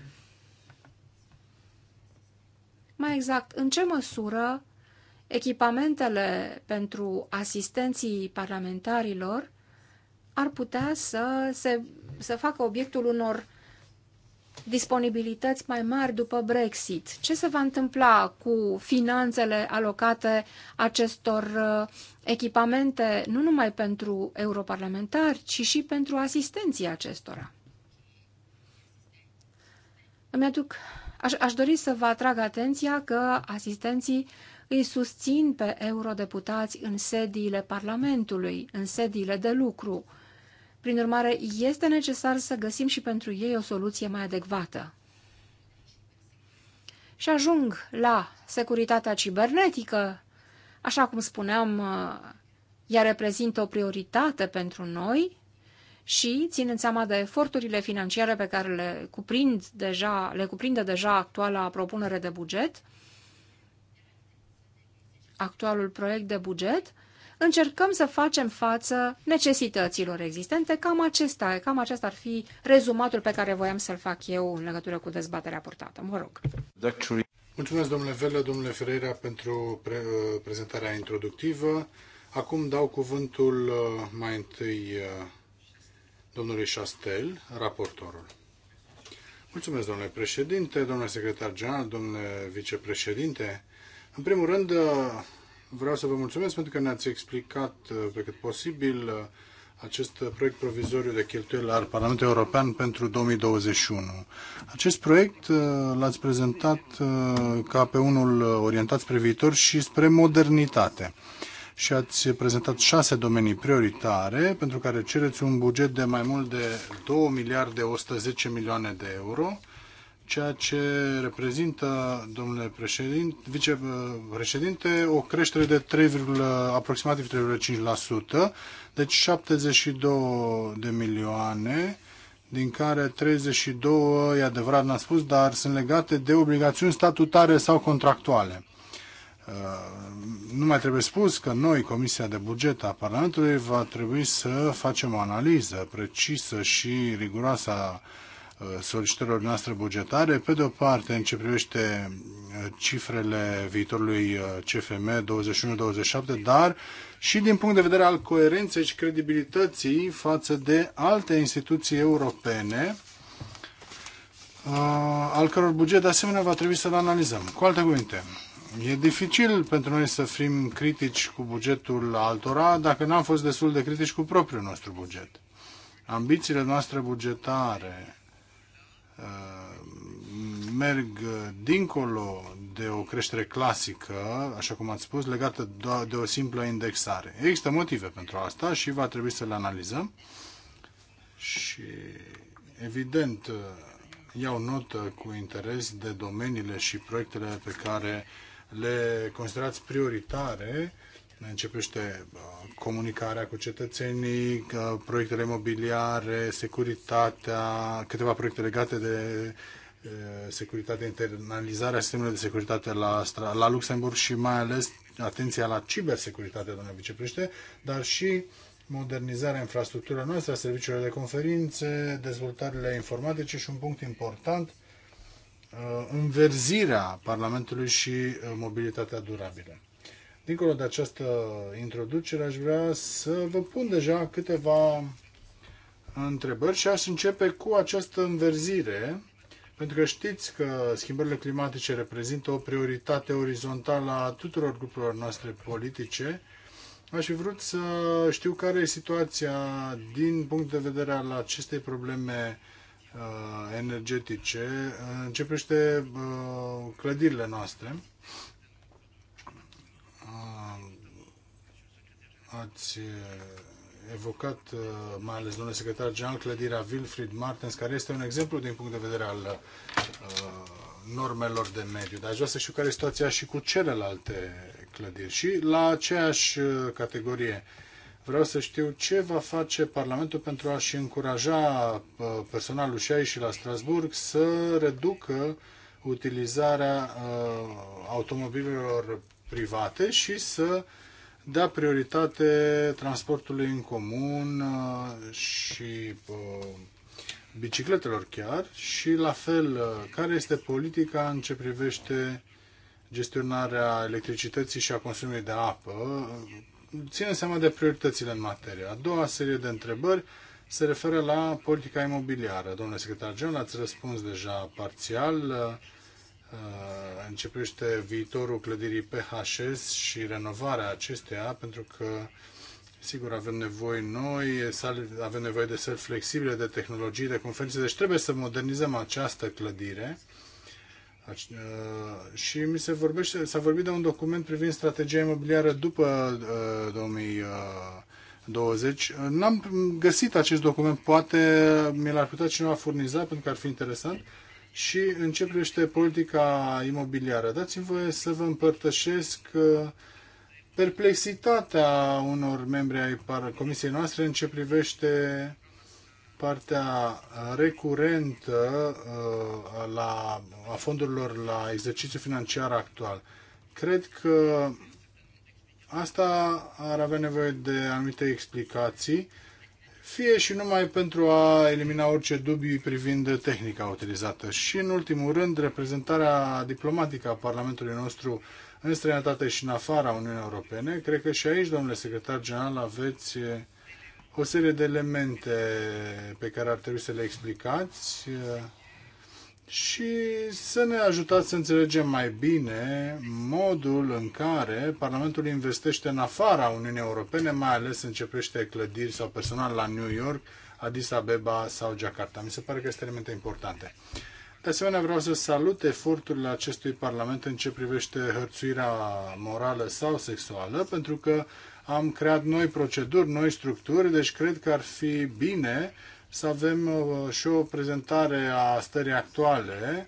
Mai exact, în ce măsură echipamentele pentru asistenții parlamentarilor ar putea să, se, să facă obiectul unor disponibilități mai mari după Brexit. Ce se va întâmpla cu finanțele alocate acestor uh, echipamente, nu numai pentru europarlamentari, ci și pentru asistenții acestora? Îmi aduc, aș, aș dori să vă atrag atenția că asistenții îi susțin pe eurodeputați în sediile Parlamentului, în sediile de lucru, prin urmare, este necesar să găsim și pentru ei o soluție mai adecvată. Și ajung la securitatea cibernetică, așa cum spuneam, uh, ea reprezintă o prioritate pentru noi și, ținând seama de eforturile financiare pe care le, cuprind deja, le cuprinde deja actuala propunere de buget, actualul proiect de buget, încercăm să facem față necesităților existente. Cam acesta, cam acesta ar fi rezumatul pe care voiam să-l fac eu în legătură cu dezbaterea purtată. Mă rog. Mulțumesc, domnule Velă, domnule Ferreira, pentru pre- uh, prezentarea introductivă. Acum dau cuvântul uh, mai întâi uh, domnului Șastel, raportorul. Mulțumesc, domnule președinte, domnule secretar general, domnule vicepreședinte. În primul rând, vreau să vă mulțumesc pentru că ne-ați explicat uh, pe cât posibil uh, acest proiect provizoriu de cheltuieli al Parlamentului European pentru 2021. Acest proiect uh, l-ați prezentat ca pe unul orientat spre viitor și spre modernitate și ați prezentat șase domenii prioritare pentru care cereți un buget de mai mult de 2 miliarde 110 milioane de euro ceea ce reprezintă, domnule președinte, vicepreședinte, o creștere de 3, aproximativ 3,5%, deci 72 de milioane, din care 32, e adevărat, n-am spus, dar sunt legate de obligațiuni statutare sau contractuale. Nu mai trebuie spus că noi, Comisia de Buget a Parlamentului, va trebui să facem o analiză precisă și riguroasă a Uh, solicitărilor noastre bugetare. Pe de o parte, în ce privește uh, cifrele viitorului uh, CFM 21-27, dar și din punct de vedere al coerenței și credibilității față de alte instituții europene, al căror buget de asemenea va trebui să-l analizăm. Cu alte cuvinte, E dificil pentru noi să fim critici cu bugetul altora dacă n-am fost destul de critici cu propriul nostru buget. Ambițiile noastre bugetare Uh, merg dincolo de o creștere clasică, așa cum ați spus, legată de o simplă indexare. Există motive pentru asta și va trebui să le analizăm și evident uh, iau notă cu interes de domeniile și proiectele pe care le considerați prioritare. Ne începește uh, comunicarea cu cetățenii, proiectele imobiliare, securitatea, câteva proiecte legate de securitate, internalizarea sistemului de securitate la, la Luxemburg și mai ales atenția la cibersecuritate, domnule vicepreședinte, dar și modernizarea infrastructurii noastre, a serviciilor de conferințe, dezvoltările informatice și un punct important, înverzirea Parlamentului și mobilitatea durabilă. Dincolo de această introducere, aș vrea să vă pun deja câteva întrebări și aș începe cu această înverzire, pentru că știți că schimbările climatice reprezintă o prioritate orizontală a tuturor grupurilor noastre politice. Aș fi vrut să știu care e situația din punct de vedere al acestei probleme uh, energetice. Începește uh, clădirile noastre. ați eh, evocat, eh, mai ales domnule secretar general, clădirea Wilfried Martens, care este un exemplu din punct de vedere al uh, normelor de mediu. Dar aș vrea să știu care e situația și cu celelalte clădiri. Și la aceeași categorie, vreau să știu ce va face Parlamentul pentru a-și încuraja personalul și aici și la Strasburg să reducă utilizarea uh, private și să uh, da prioritate transportului în comun uh, și uh, bicicletelor chiar și la fel uh, care este politica în ce privește gestionarea electricității și a consumului de apă, ține seama de prioritățile în materie. A doua serie de întrebări se referă la politica imobiliară. Domnule secretar general, ați răspuns deja parțial Uh, începește viitorul clădirii PHS și renovarea acesteia, pentru că Sigur, avem nevoie noi, avem nevoie de săli flexibile, de tehnologii, de conferințe, deci trebuie să modernizăm această clădire. Uh, și mi se vorbește, s-a vorbit de un document privind strategia imobiliară după 2020. Uh, N-am găsit acest document, poate mi l-ar putea cineva furniza pentru că ar fi interesant. Și în ce privește politica imobiliară, dați-mi voie să vă împărtășesc uh, perplexitatea unor membri ai comisiei noastre în ce privește partea recurentă uh, la, a fondurilor la exercițiu financiar actual. Cred că asta ar avea nevoie de anumite explicații fie și numai pentru a elimina orice dubii privind tehnica utilizată. Și, în ultimul rând, reprezentarea diplomatică a Parlamentului nostru în străinătate și în afara Uniunii Europene. Cred că și aici, domnule secretar general, aveți eh, o serie de elemente pe care ar trebui să le explicați eh, și să ne ajutați să înțelegem mai bine modul în care Parlamentul investește în afara Uniunii Europene, mai ales începește clădiri sau personal la New York, Addis Abeba sau Jakarta. Mi se pare că este elemente importante. De asemenea, vreau să salut eforturile acestui Parlament în ce privește hărțuirea morală sau sexuală, pentru că am creat noi proceduri, noi structuri, deci cred că ar fi bine să avem uh, și o prezentare a stării actuale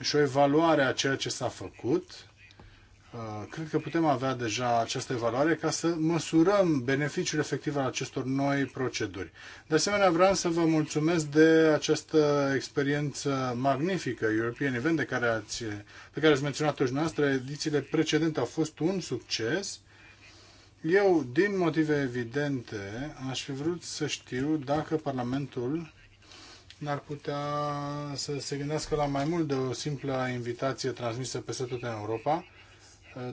și o evaluare a ceea ce s-a făcut. Uh, cred că putem avea deja această evaluare ca să măsurăm beneficiul efectiv al acestor noi proceduri. De asemenea, vreau să vă mulțumesc de această experiență magnifică, European Event, de care ați, pe care ați menționat-o și noastră. Edițiile precedente au fost un succes eu, din motive evidente, aș fi vrut să știu dacă Parlamentul n-ar putea să se gândească la mai mult de o simplă invitație transmisă pe tot în Europa,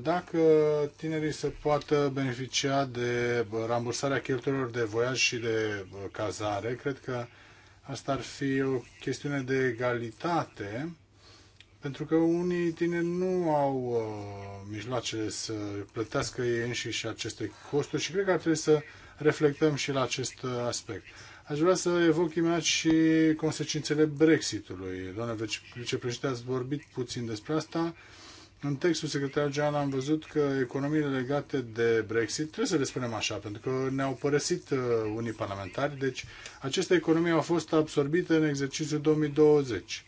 dacă tinerii se poată beneficia de rambursarea cheltuielor de voiaj și de cazare, cred că asta ar fi o chestiune de egalitate pentru că unii tineri nu au uh, mijloacele să plătească ei înșiși și aceste costuri și cred că ar trebui să reflectăm și la acest uh, aspect. Aș vrea să evoc imediat și consecințele Brexitului. Doamne vicepreședinte, ați vorbit puțin despre asta. În textul secretar general am văzut că economiile legate de Brexit, trebuie să le spunem așa, pentru că ne-au părăsit uh, unii parlamentari, deci aceste economii au fost absorbite în exercițiul 2020.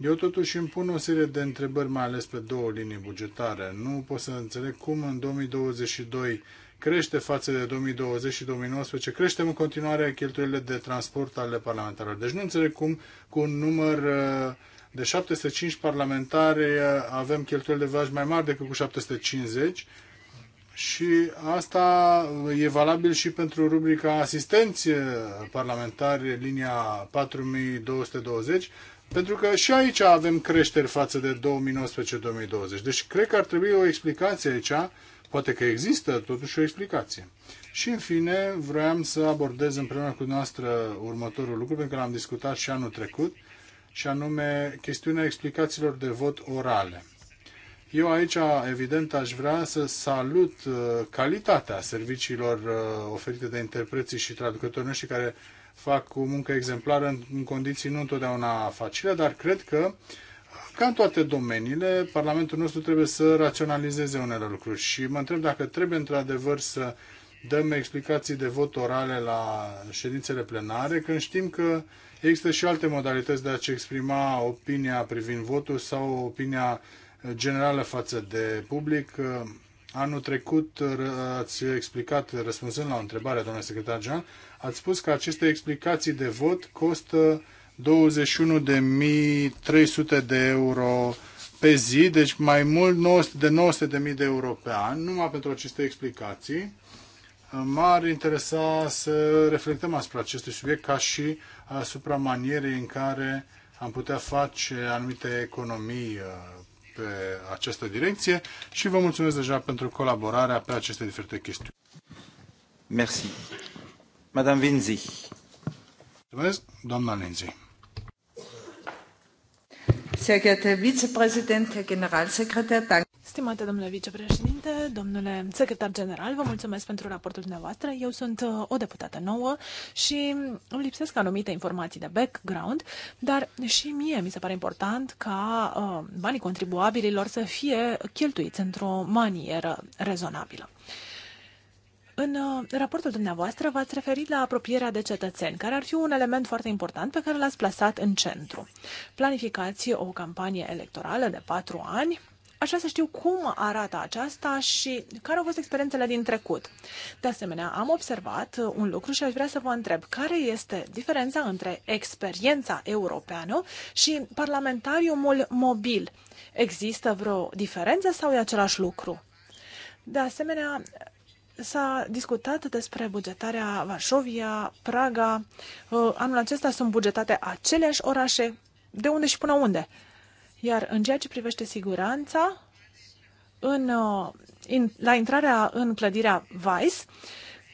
Eu totuși îmi pun o serie de întrebări, mai ales pe două linii bugetare. Nu pot să înțeleg cum în 2022 crește față de 2020 și 2019, creștem în continuare cheltuielile de transport ale parlamentarilor. Deci nu înțeleg cum cu un număr uh, de 705 parlamentari uh, avem cheltuieli de vaj mai mari decât cu 750 și asta e valabil și pentru rubrica asistenție uh, parlamentare, linia 4220, pentru că și aici avem creșteri față de 2019-2020. Deci cred că ar trebui o explicație aici, poate că există totuși o explicație. Și în fine, vroiam să abordez împreună cu noastră următorul lucru, pentru că l-am discutat și anul trecut, și anume chestiunea explicațiilor de vot orale. Eu aici, evident, aș vrea să salut uh, calitatea serviciilor uh, oferite de interpreții și traducători, noștri care fac o muncă exemplară în condiții nu întotdeauna facile, dar cred că, ca în toate domeniile, Parlamentul nostru trebuie să raționalizeze unele lucruri și mă întreb dacă trebuie într-adevăr să dăm explicații de vot orale la ședințele plenare, când știm că există și alte modalități de a-ți exprima opinia privind votul sau opinia generală față de public. Anul trecut ați explicat, răspunzând la o întrebare, domnule secretar general, ați spus că aceste explicații de vot costă 21.300 de euro pe zi, deci mai mult de 900.000 de euro pe an, numai pentru aceste explicații. M-ar interesa să reflectăm asupra acestui subiect ca și asupra manierei în care am putea face anumite economii uh, pe această direcție și vă mulțumesc deja pentru colaborarea pe aceste diferite chestiuni. Merci. Madame Vinzi. doamna Linzi. Sehr geehrter Vizepräsident, Herr danke. Stimate domnule vicepreședinte, domnule secretar general, vă mulțumesc pentru raportul dumneavoastră. Eu sunt uh, o deputată nouă și îmi lipsesc anumite informații de background, dar și mie mi se pare important ca uh, banii contribuabililor să fie cheltuiți într-o manieră rezonabilă. Uh, în uh, raportul dumneavoastră v-ați referit la apropierea de cetățeni, care ar fi un element foarte important pe care l-ați plasat în centru. Planificați o campanie electorală de patru ani Aș vrea să știu cum arată aceasta și care au fost experiențele din trecut. De asemenea, am observat uh, un lucru și aș vrea să vă întreb care este diferența între experiența europeană și parlamentariumul mobil. Există vreo diferență sau e același lucru? De asemenea, S-a discutat despre bugetarea Varșovia, Praga. Uh, anul acesta sunt bugetate aceleași orașe, de unde și până unde. Iar în ceea ce privește siguranța, în, uh, in, la intrarea în clădirea Vice,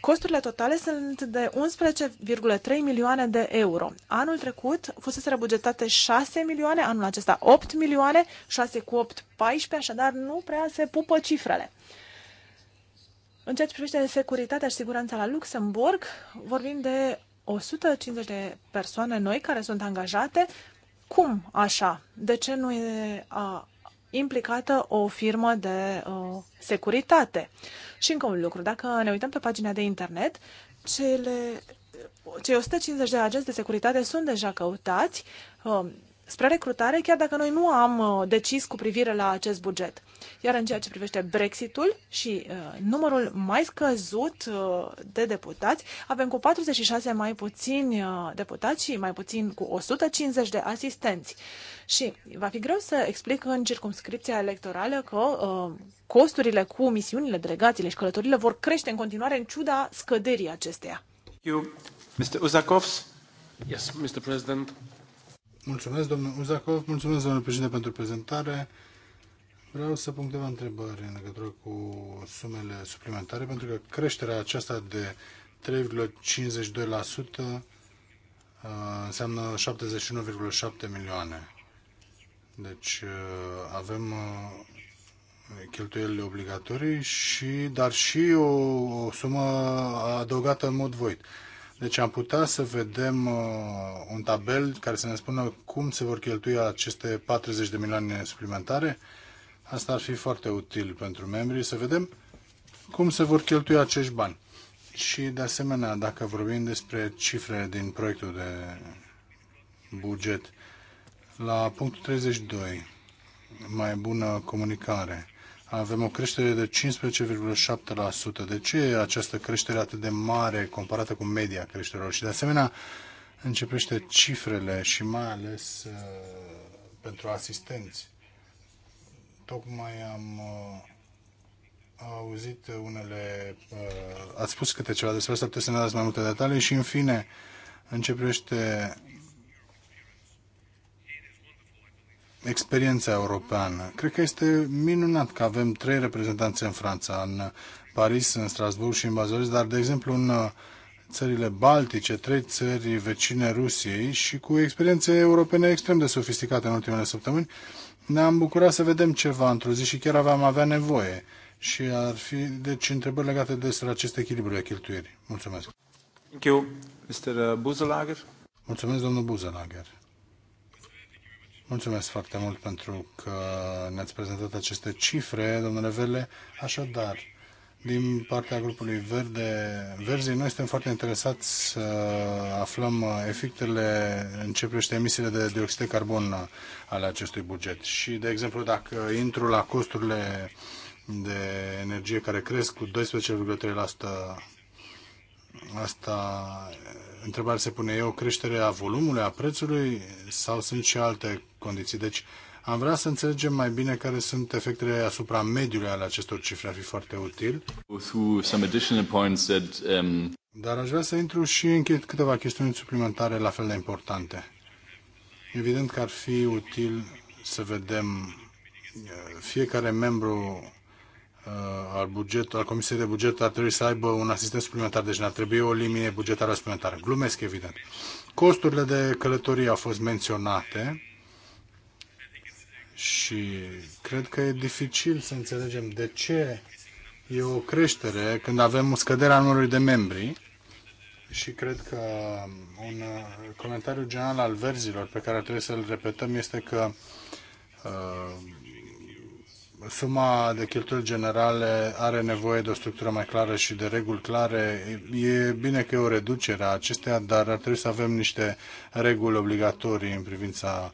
Costurile totale sunt de 11,3 milioane de euro. Anul trecut fusese bugetate 6 milioane, anul acesta 8 milioane, 6 cu 8, 14, așadar nu prea se pupă cifrele. În ceea ce privește securitatea și siguranța la Luxemburg, vorbim de 150 de persoane noi care sunt angajate. Cum așa? De ce nu e a, implicată o firmă de a, securitate? Și încă un lucru, dacă ne uităm pe pagina de internet, cele, cei 150 de agenți de securitate sunt deja căutați. A, spre recrutare, chiar dacă noi nu am uh, decis cu privire la acest buget. Iar în ceea ce privește Brexitul și uh, numărul mai scăzut uh, de deputați, avem cu 46 mai puțini uh, deputați și mai puțin cu 150 de asistenți. Și va fi greu să explic în circumscripția electorală că uh, costurile cu misiunile, delegațiile și călătorile vor crește în continuare în ciuda scăderii acesteia. You, Mr. Uzakovs? Yes, Mr. President. Mulțumesc, domnul Uzakov. Mulțumesc, domnul președinte, pentru prezentare. Vreau să pun câteva întrebări în legătură cu sumele suplimentare, pentru că creșterea aceasta de 3,52% uh, înseamnă 71,7 milioane. Deci uh, avem uh, cheltuielile obligatorii, și, dar și o, o sumă adăugată în mod voit. Deci am putea să vedem uh, un tabel care să ne spună cum se vor cheltui aceste 40 de milioane suplimentare. Asta ar fi foarte util pentru membrii să vedem cum se vor cheltui acești bani. Și de asemenea, dacă vorbim despre cifre din proiectul de buget, la punctul 32, mai bună comunicare avem o creștere de 15,7%. De ce această creștere atât de mare comparată cu media creșterilor? Și de asemenea, începește cifrele și mai ales uh, pentru asistenți. Tocmai am uh, auzit unele... Uh, ați spus câte ceva despre asta, puteți să ne dați mai multe detalii și, în fine, începește experiența europeană. Cred că este minunat că avem trei reprezentanțe în Franța, în Paris, în Strasbourg și în Bazoris, dar, de exemplu, în uh, țările baltice, trei țări vecine Rusiei și cu experiențe europene extrem de sofisticate în ultimele săptămâni, ne-am bucurat să vedem ceva într-o zi și chiar aveam avea nevoie. Și ar fi, deci, întrebări legate despre acest echilibru de cheltuieri. Mulțumesc. Thank you, Mr. Buzelager. Mulțumesc, domnul Buzelager. Mulțumesc foarte mult pentru că ne-ați prezentat aceste cifre, domnule Vele. Așadar, din partea grupului Verde, Verzii, noi suntem foarte interesați să aflăm efectele în ce privește emisiile de dioxid de carbon ale acestui buget. Și, de exemplu, dacă intru la costurile de energie care cresc cu 12,3% Asta, întrebarea se pune, e o creștere a volumului, a prețului sau sunt și alte condiții? Deci am vrea să înțelegem mai bine care sunt efectele asupra mediului ale acestor cifre, ar fi foarte util. Um, Dar aș vrea să intru și în câteva chestiuni suplimentare la fel de importante. Evident că ar fi util să vedem uh, fiecare membru Uh, al, buget, al Comisiei de Buget ar trebui să aibă un asistent suplimentar, deci ne-ar trebui o linie bugetară suplimentară. Glumesc, evident. Costurile de călătorie au fost menționate și cred că e dificil să înțelegem de ce e o creștere când avem scăderea numărului de membri și cred că un uh, comentariu general al verzilor pe care ar trebui să-l repetăm este că uh, suma de cheltuieli generale are nevoie de o structură mai clară și de reguli clare. E bine că e o reducere a acesteia, dar ar trebui să avem niște reguli obligatorii în privința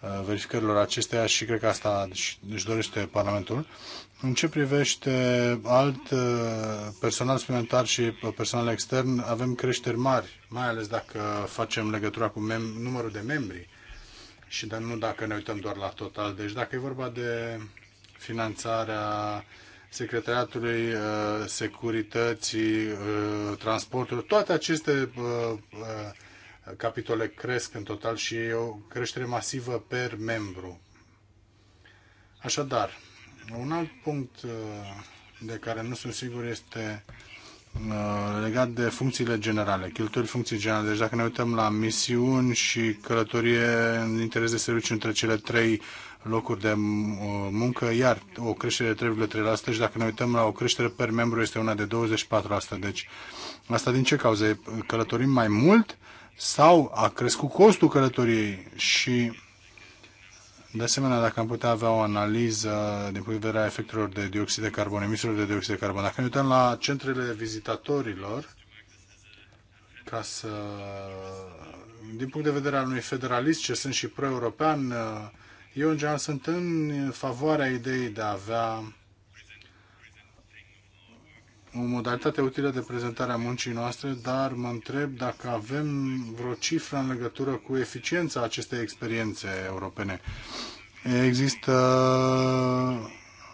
uh, verificărilor acesteia și cred că asta își dorește Parlamentul. În ce privește alt uh, personal suplimentar și personal extern, avem creșteri mari, mai ales dacă facem legătura cu numărul de membri și dar nu dacă ne uităm doar la total. Deci dacă e vorba de finanțarea Secretariatului uh, Securității, uh, Transportului, toate aceste uh, capitole cresc în total și e o creștere masivă per membru. Așadar, un alt punct de care nu sunt sigur este legat de funcțiile generale, cheltuieli funcții generale. Deci dacă ne uităm la misiuni și călătorie în interes de serviciu între cele trei locuri de uh, muncă, iar o creștere de 3,3% și dacă ne uităm la o creștere per membru este una de 24%. Deci asta din ce cauză? Uh, călătorim mai mult sau a crescut costul călătoriei și de asemenea, dacă am putea avea o analiză din punct de vedere a efectelor de dioxid de carbon, emisiilor de dioxid de carbon, dacă ne uităm la centrele vizitatorilor, ca să, din punct de vedere al unui federalist, ce sunt și pro-european, uh, eu, în general, sunt în favoarea ideii de a avea o modalitate utilă de prezentare a muncii noastre, dar mă întreb dacă avem vreo cifră în legătură cu eficiența acestei experiențe europene. Există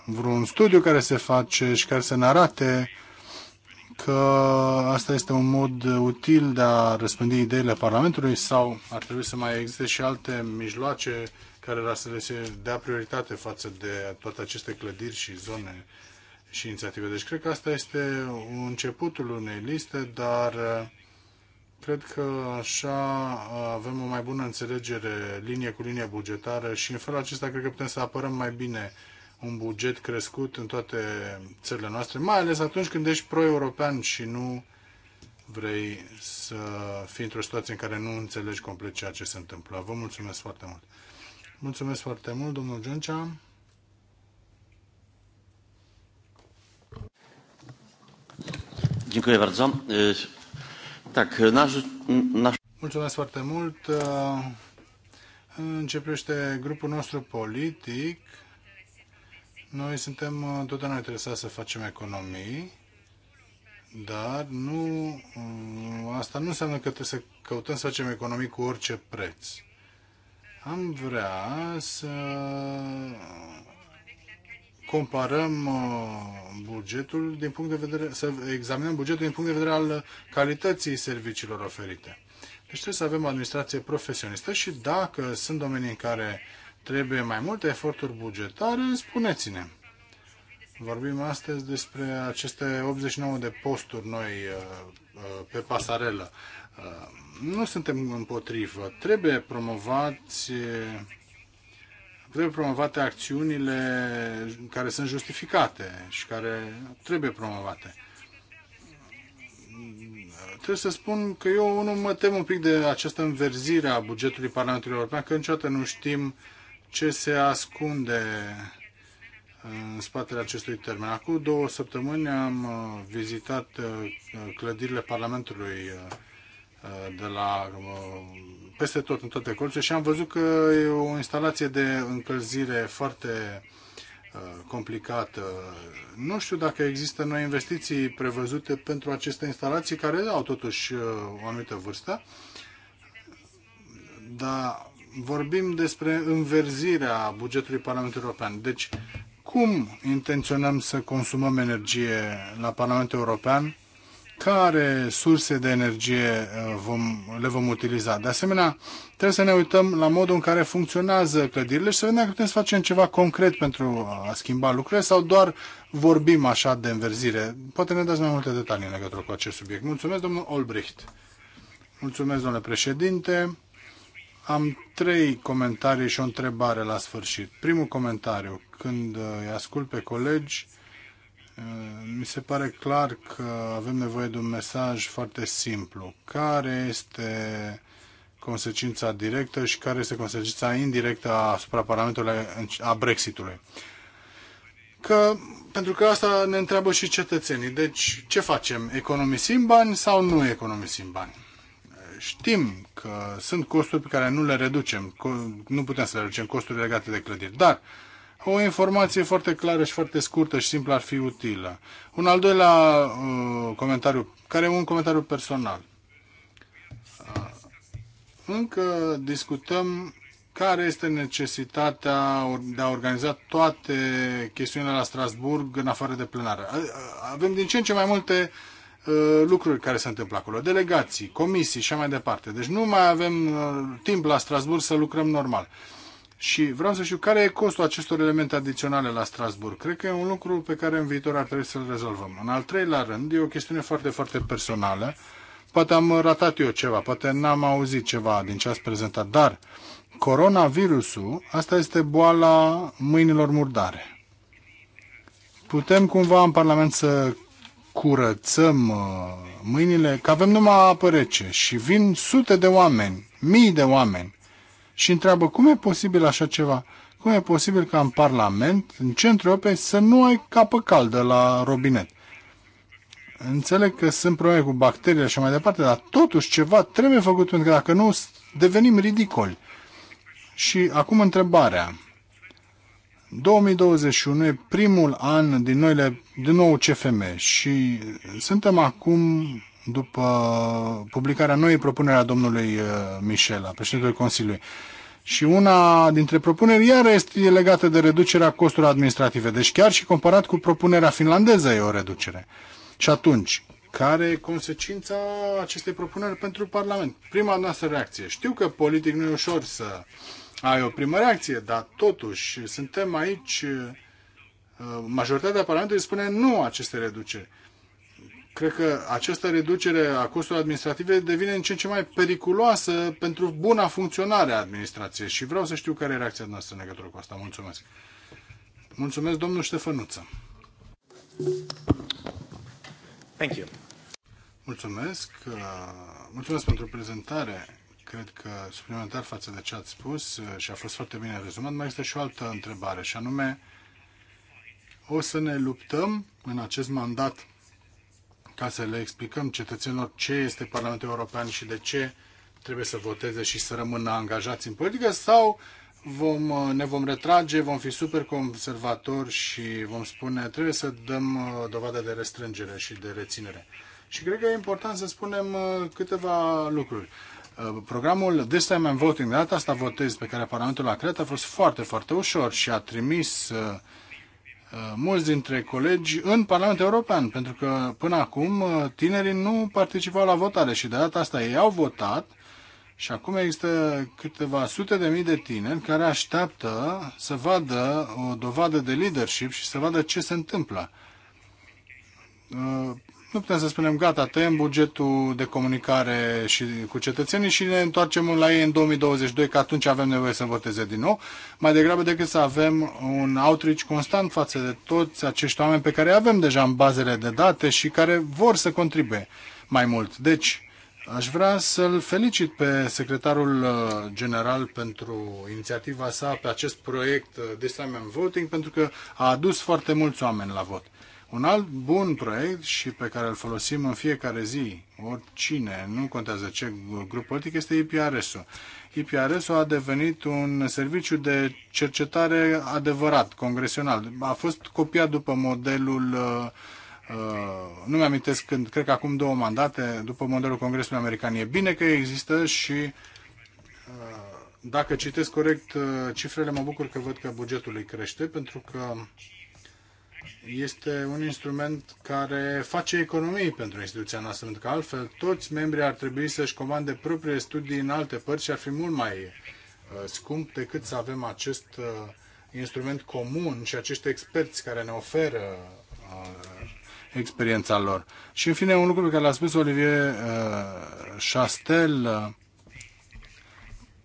vreun studiu care se face și care să ne arate că asta este un mod util de a răspândi ideile Parlamentului sau ar trebui să mai existe și alte mijloace care la să le dea prioritate față de toate aceste clădiri și zone și inițiative. Deci cred că asta este începutul unei liste, dar uh, cred că așa uh, avem o mai bună înțelegere linie cu linie bugetară și în felul acesta cred că putem să apărăm mai bine un buget crescut în toate țările noastre, mai ales atunci când ești pro-european și nu vrei să fii într-o situație în care nu înțelegi complet ceea ce se întâmplă. Vă mulțumesc foarte mult! Mulțumesc foarte mult, domnul Giuncea. Dziękuję bardzo. Tak, nasz, nasz... Mulțumesc foarte mult. Începește grupul nostru politic. Noi suntem totdeauna interesați să facem economii, dar nu, asta nu înseamnă că trebuie să căutăm să facem economii cu orice preț. Am vrea să comparăm uh, bugetul din punct de vedere, să examinăm bugetul din punct de vedere al calității serviciilor oferite. Deci trebuie să avem o administrație profesionistă și dacă sunt domenii în care trebuie mai multe eforturi bugetare, spuneți-ne. Vorbim astăzi despre aceste 89 de posturi noi uh, uh, pe pasarelă. Uh, nu suntem împotrivă. Trebuie promovați trebuie promovate acțiunile care sunt justificate și care trebuie promovate. Trebuie să spun că eu nu mă tem un pic de această înverzire a bugetului Parlamentului European, că niciodată nu știm ce se ascunde în spatele acestui termen. Acum două săptămâni am vizitat uh, clădirile Parlamentului uh, de la um, peste tot în toate colțurile și am văzut că e o instalație de încălzire foarte uh, complicată. Nu știu dacă există noi investiții prevăzute pentru aceste instalații care au totuși uh, o anumită vârstă, dar vorbim despre înverzirea bugetului Parlamentului European. Deci, cum intenționăm să consumăm energie la Parlamentul European care surse de energie uh, vom, le vom utiliza. De asemenea, trebuie să ne uităm la modul în care funcționează clădirile și să vedem dacă putem să facem ceva concret pentru uh, a schimba lucrurile sau doar vorbim așa de înverzire. Poate ne dați mai multe detalii în legătură cu acest subiect. Mulțumesc, domnul Olbricht. Mulțumesc, domnule președinte. Am trei comentarii și o întrebare la sfârșit. Primul comentariu, când uh, îi ascult pe colegi, mi se pare clar că avem nevoie de un mesaj foarte simplu. Care este consecința directă și care este consecința indirectă asupra Parlamentului a Brexitului? Că, pentru că asta ne întreabă și cetățenii. Deci, ce facem? Economisim bani sau nu economisim bani? Știm că sunt costuri pe care nu le reducem, nu putem să le reducem, costurile legate de clădiri, dar uh, o informație foarte clară și foarte scurtă și simplă ar fi utilă. Un al doilea uh, comentariu, care e un comentariu personal. Uh, încă discutăm care este necesitatea de a organiza toate chestiunile la Strasburg în afară de plenară. Avem din ce în ce mai multe uh, lucruri care se întâmplă acolo, delegații, comisii și mai departe. Deci nu mai avem uh, timp la Strasburg să lucrăm normal. Și vreau să știu care e costul acestor elemente adiționale la Strasburg. Cred că e un lucru pe care în viitor ar trebui să-l rezolvăm. În al treilea rând, e o chestiune foarte, foarte personală. Poate am ratat eu ceva, poate n-am auzit ceva din ce ați prezentat, dar coronavirusul, asta este boala mâinilor murdare. Putem cumva în Parlament să curățăm uh, mâinile, că avem numai apă rece și vin sute de oameni, mii de oameni și întreabă cum e posibil așa ceva? Cum e posibil ca în Parlament, în centrul Europei, să nu ai capă caldă la robinet? Înțeleg că sunt probleme cu bacteriile și mai departe, dar totuși ceva trebuie făcut pentru că dacă nu devenim ridicoli. Și acum întrebarea. 2021 e primul an din, noile, din nou CFM și suntem acum după publicarea noii propuneri a domnului uh, Michel, a președintelui Consiliului. Și una dintre propuneri iar este legată de reducerea costurilor administrative. Deci chiar și comparat cu propunerea finlandeză e o reducere. Și atunci, care e consecința acestei propuneri pentru Parlament? Prima noastră reacție. Știu că politic nu e ușor să ai o primă reacție, dar totuși suntem aici, uh, majoritatea Parlamentului spune nu aceste reduceri cred că această reducere a costurilor administrative devine în ce în ce mai periculoasă pentru buna funcționare a administrației și vreau să știu care e reacția noastră în legătură cu asta. Mulțumesc. Mulțumesc, domnul Ștefănuță. Thank you. Mulțumesc. Uh, mulțumesc pentru prezentare. Cred că suplimentar față de ce ați spus uh, și a fost foarte bine rezumat, mai este și o altă întrebare și anume o să ne luptăm în acest mandat ca să le explicăm cetățenilor ce este Parlamentul European și de ce trebuie să voteze și să rămână angajați în politică sau vom, ne vom retrage, vom fi super conservatori și vom spune trebuie să dăm uh, dovadă de restrângere și de reținere. Și cred că e important să spunem uh, câteva lucruri. Uh, programul This Time I'm Voting, de data asta votez, pe care Parlamentul a creat, a fost foarte, foarte ușor și a trimis Uh, mulți dintre colegi în Parlamentul European, pentru că până acum uh, tinerii nu participau la votare și de data asta ei au votat și acum există câteva sute de mii de tineri care așteaptă să vadă o dovadă de leadership și să vadă ce se întâmplă. Uh, nu putem să spunem gata, tăiem bugetul de comunicare și cu cetățenii și ne întoarcem la ei în 2022, că atunci avem nevoie să voteze din nou, mai degrabă decât să avem un outreach constant față de toți acești oameni pe care avem deja în bazele de date și care vor să contribuie mai mult. Deci, aș vrea să-l felicit pe secretarul uh, general pentru inițiativa sa pe acest proiect This Time I'm Voting, pentru că a adus foarte mulți oameni la vot. Un alt bun proiect și pe care îl folosim în fiecare zi, oricine, nu contează ce grup politic, este IPRS-ul. IPRS-ul a devenit un serviciu de cercetare adevărat, congresional. A fost copiat după modelul uh, uh nu mi-amintesc când, cred că acum două mandate, după modelul Congresului American. E bine că există și uh, dacă citesc corect uh, cifrele, mă bucur că văd că bugetul îi crește, pentru că este un instrument care face economii pentru instituția noastră, pentru că altfel toți membrii ar trebui să-și comande propriile studii în alte părți și ar fi mult mai uh, scump decât să avem acest uh, instrument comun și acești experți care ne oferă uh, experiența lor. Și în fine, un lucru pe care l-a spus Olivier Chastel,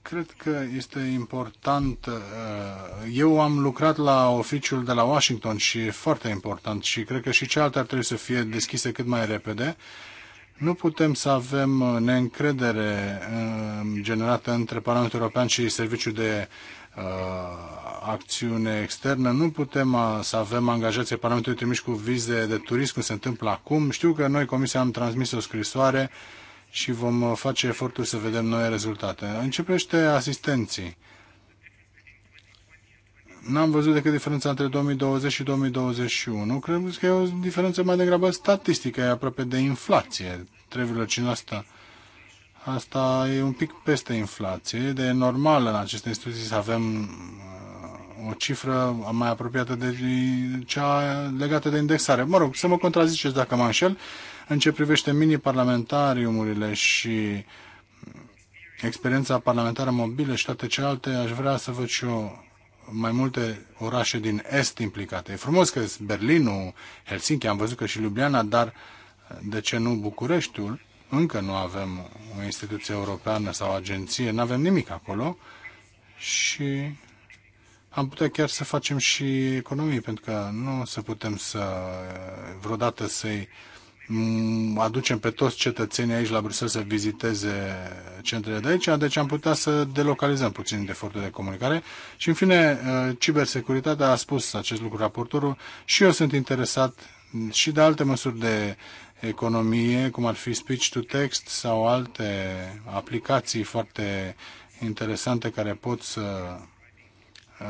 cred că este important. Uh, eu am lucrat la oficiul de la Washington și e foarte important și cred că și cealaltă ar trebui să fie deschise cât mai repede. Nu putem să avem uh, neîncredere uh, generată între Parlamentul European și Serviciul de acțiune externă. Nu putem să avem angajații Parlamentului trimiși cu vize de turism, cum se întâmplă acum. Știu că noi, Comisia, am transmis o scrisoare și vom uh, face eforturi să vedem noi rezultate. Începește asistenții. N-am văzut decât diferența între 2020 și 2021. Cred că e o diferență mai degrabă statistică, e aproape de inflație, 3,5%. Asta e un pic peste inflație. De normal în aceste instituții să avem uh, o cifră mai apropiată de cea legată de indexare. Mă rog, să mă contraziceți dacă mă înșel. În ce privește mini-parlamentariumurile și experiența parlamentară mobilă și toate celelalte, aș vrea să văd și eu mai multe orașe din Est implicate. E frumos că Berlinul, Helsinki, am văzut că și Ljubljana, dar de ce nu Bucureștiul? Încă nu avem o instituție europeană sau agenție, nu avem nimic acolo și am putea chiar să facem și economii, pentru că nu o să putem să vreodată să-i aducem pe toți cetățenii aici la Bruxelles să viziteze centrele de aici, deci am putea să delocalizăm puțin efortul de comunicare. Și în fine, uh, cibersecuritatea a spus acest lucru raportorul și eu sunt interesat și de alte măsuri de economie, cum ar fi speech to text sau alte aplicații foarte interesante care pot să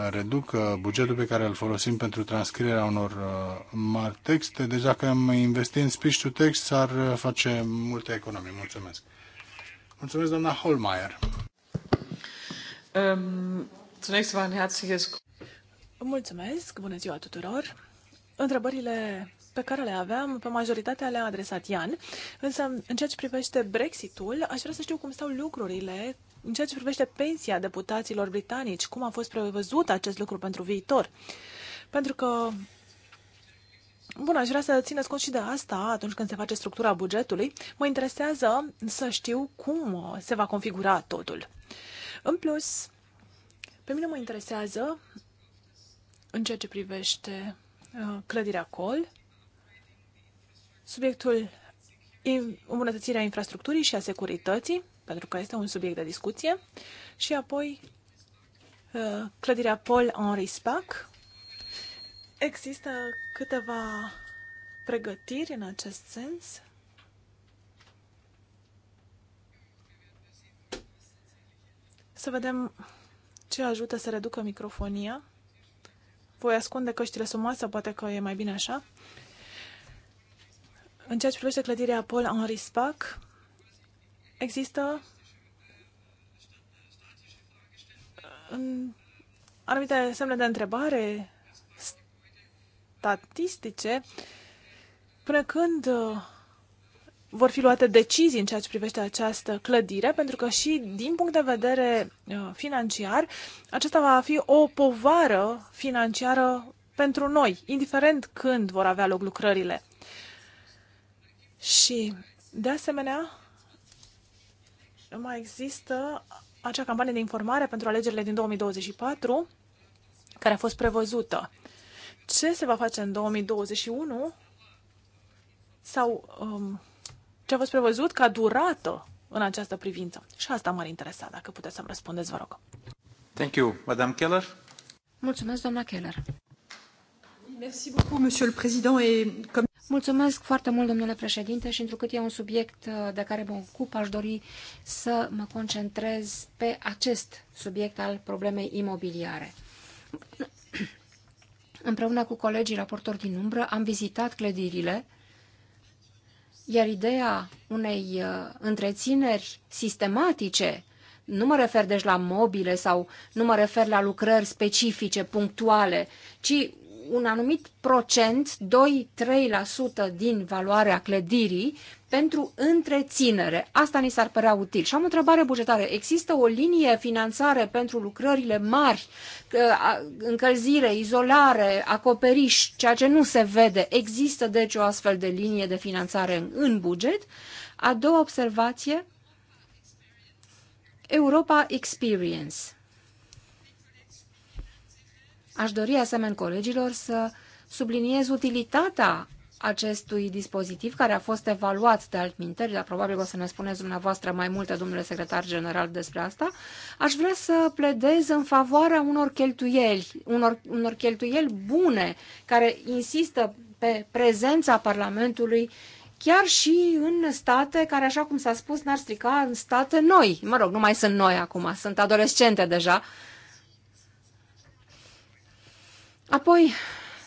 reducă bugetul pe care îl folosim pentru transcrierea unor uh, mari texte. Deci dacă am investit în speech to text, ar uh, face multe economii. Mulțumesc. Mulțumesc, doamna Holmeier. Um, Mulțumesc, bună ziua tuturor. Întrebările pe care le aveam, pe majoritatea le-a adresat Ian, însă în ceea ce privește Brexitul, aș vrea să știu cum stau lucrurile în ceea ce privește pensia deputaților britanici, cum a fost prevăzut acest lucru pentru viitor? Pentru că Bun, aș vrea să țineți cont și de asta atunci când se face structura bugetului. Mă interesează să știu cum se va configura totul. În plus, pe mine mă interesează în ceea ce privește uh, clădirea col, subiectul îmbunătățirea infrastructurii și a securității pentru că este un subiect de discuție, și apoi uh, clădirea Paul Henri Spac. Există câteva pregătiri în acest sens. Să vedem ce ajută să reducă microfonia. Voi ascunde căștile sumoase, poate că e mai bine așa. În ceea ce privește clădirea Paul Henri Spac, există anumite semne de întrebare statistice până când uh, vor fi luate decizii în ceea ce privește această clădire, pentru că și din punct de vedere uh, financiar, acesta va fi o povară financiară pentru noi, indiferent când vor avea loc lucrările. Și, de asemenea, mai există acea campanie de informare pentru alegerile din 2024 care a fost prevăzută. Ce se va face în 2021 sau um, ce a fost prevăzut ca durată în această privință? Și asta m-ar interesa, dacă puteți să-mi răspundeți, vă rog. Thank you, Madame Keller. Mulțumesc, doamna Keller. Merci beaucoup, Monsieur le Président. Et comme... Mulțumesc foarte mult, domnule președinte, și întrucât e un subiect uh, de care mă ocup, aș dori să mă concentrez pe acest subiect al problemei imobiliare. Împreună cu colegii raportori din umbră am vizitat clădirile, iar ideea unei uh, întrețineri sistematice nu mă refer deci la mobile sau nu mă refer la lucrări specifice, punctuale, ci un anumit procent, 2-3% din valoarea clădirii, pentru întreținere. Asta ni s-ar părea util. Și am o întrebare bugetară. Există o linie finanțare pentru lucrările mari, încălzire, izolare, acoperiș, ceea ce nu se vede? Există deci o astfel de linie de finanțare în buget? A doua observație, Europa Experience. Aș dori asemenea colegilor să subliniez utilitatea acestui dispozitiv care a fost evaluat de altminteri, dar probabil o să ne spuneți dumneavoastră mai multe, domnule secretar general, despre asta, aș vrea să pledez în favoarea unor cheltuieli, unor, unor cheltuieli bune, care insistă pe prezența Parlamentului chiar și în state care, așa cum s-a spus, n-ar strica în state noi. Mă rog, nu mai sunt noi acum, sunt adolescente deja, uh, Apoi,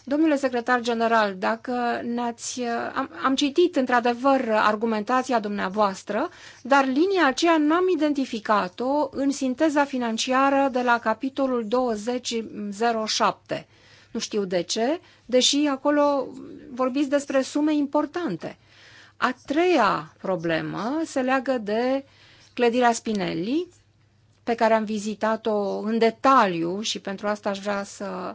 domnule secretar general, dacă ne-ați... Am, am citit într-adevăr argumentația dumneavoastră, dar linia aceea n-am identificat-o în sinteza financiară de la capitolul 2007. Nu știu de ce, deși acolo vorbiți despre sume importante. A treia problemă se leagă de clădirea Spinelli, pe care am vizitat-o în detaliu și pentru asta aș vrea să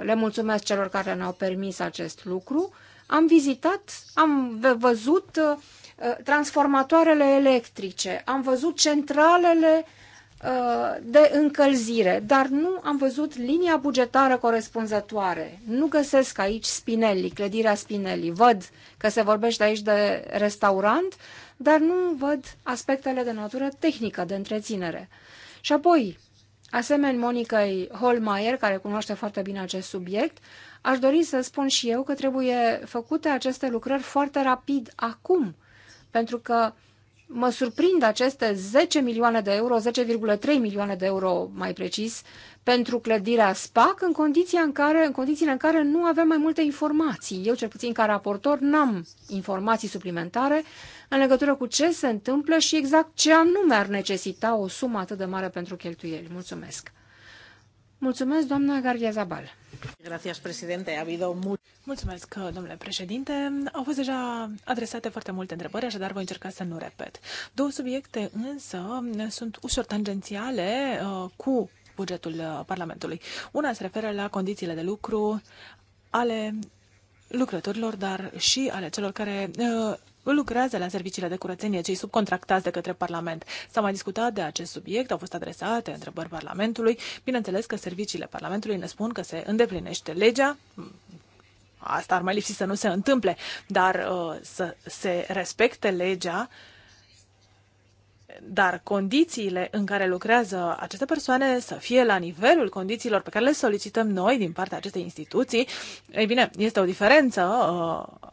le mulțumesc celor care ne-au permis acest lucru, am vizitat, am văzut uh, transformatoarele electrice, am văzut centralele uh, de încălzire, dar nu am văzut linia bugetară corespunzătoare. Nu găsesc aici Spinelli, clădirea Spinelli. Văd că se vorbește aici de restaurant, dar nu văd aspectele de natură tehnică, de întreținere. Și apoi, Asemeni Monicăi Holmeier, care cunoaște foarte bine acest subiect, aș dori să spun și eu că trebuie făcute aceste lucrări foarte rapid, acum, pentru că mă surprind aceste 10 milioane de euro, 10,3 milioane de euro mai precis, pentru clădirea SPAC în, condiția în, care, în condițiile în care nu avem mai multe informații. Eu, cel puțin ca raportor, n-am informații suplimentare, în legătură cu ce se întâmplă și exact ce anume ar necesita o sumă atât de mare pentru cheltuieli. Mulțumesc! Mulțumesc, doamna Gardia Zabal. Mulțumesc, domnule președinte. Au fost deja adresate foarte multe întrebări, așadar voi încerca să nu repet. Două subiecte însă sunt ușor tangențiale uh, cu bugetul uh, Parlamentului. Una se referă la condițiile de lucru ale lucrătorilor, dar și ale celor care uh, lucrează la serviciile de curățenie cei subcontractați de către Parlament. S-a mai discutat de acest subiect, au fost adresate întrebări Parlamentului. Bineînțeles că serviciile Parlamentului ne spun că se îndeplinește legea, asta ar mai lipsi să nu se întâmple, dar uh, să se respecte legea, dar condițiile în care lucrează aceste persoane să fie la nivelul condițiilor pe care le solicităm noi din partea acestei instituții, ei bine, este o diferență uh,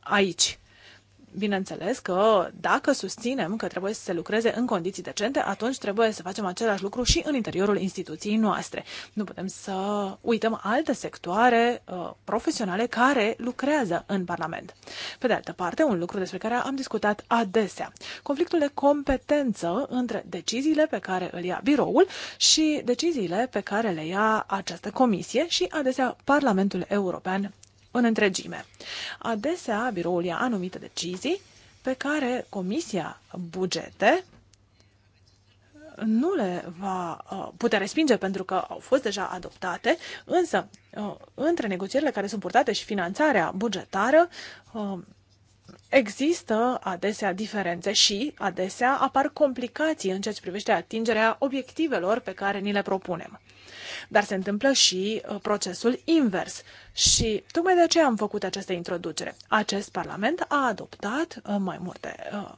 aici. Bineînțeles că dacă susținem că trebuie să se lucreze în condiții decente, atunci trebuie să facem același lucru și în interiorul instituției noastre. Nu putem să uităm alte sectoare uh, profesionale care lucrează în Parlament. Pe de altă parte, un lucru despre care am discutat adesea, conflictul de competență între deciziile pe care îl ia biroul și deciziile pe care le ia această comisie și adesea Parlamentul European în întregime. Adesea, biroul ia anumite decizii pe care Comisia Bugete nu le va uh, putea respinge pentru că au fost deja adoptate, însă uh, între negocierile care sunt purtate și finanțarea bugetară, uh, există adesea diferențe și adesea apar complicații în ceea ce privește atingerea obiectivelor pe care ni le propunem. Dar se întâmplă și uh, procesul invers. Și tocmai de aceea am făcut această introducere. Acest Parlament a adoptat uh, mai multe uh,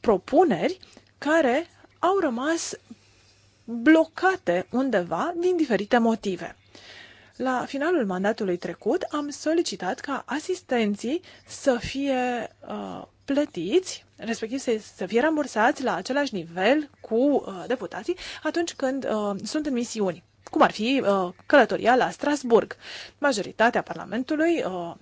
propuneri care au rămas blocate undeva din diferite motive. La finalul mandatului trecut am solicitat ca asistenții să fie uh, plătiți, respectiv să, să fie rambursați la același nivel cu uh, deputații atunci când uh, sunt în misiuni, cum ar fi uh, călătoria la Strasburg. Majoritatea Parlamentului uh,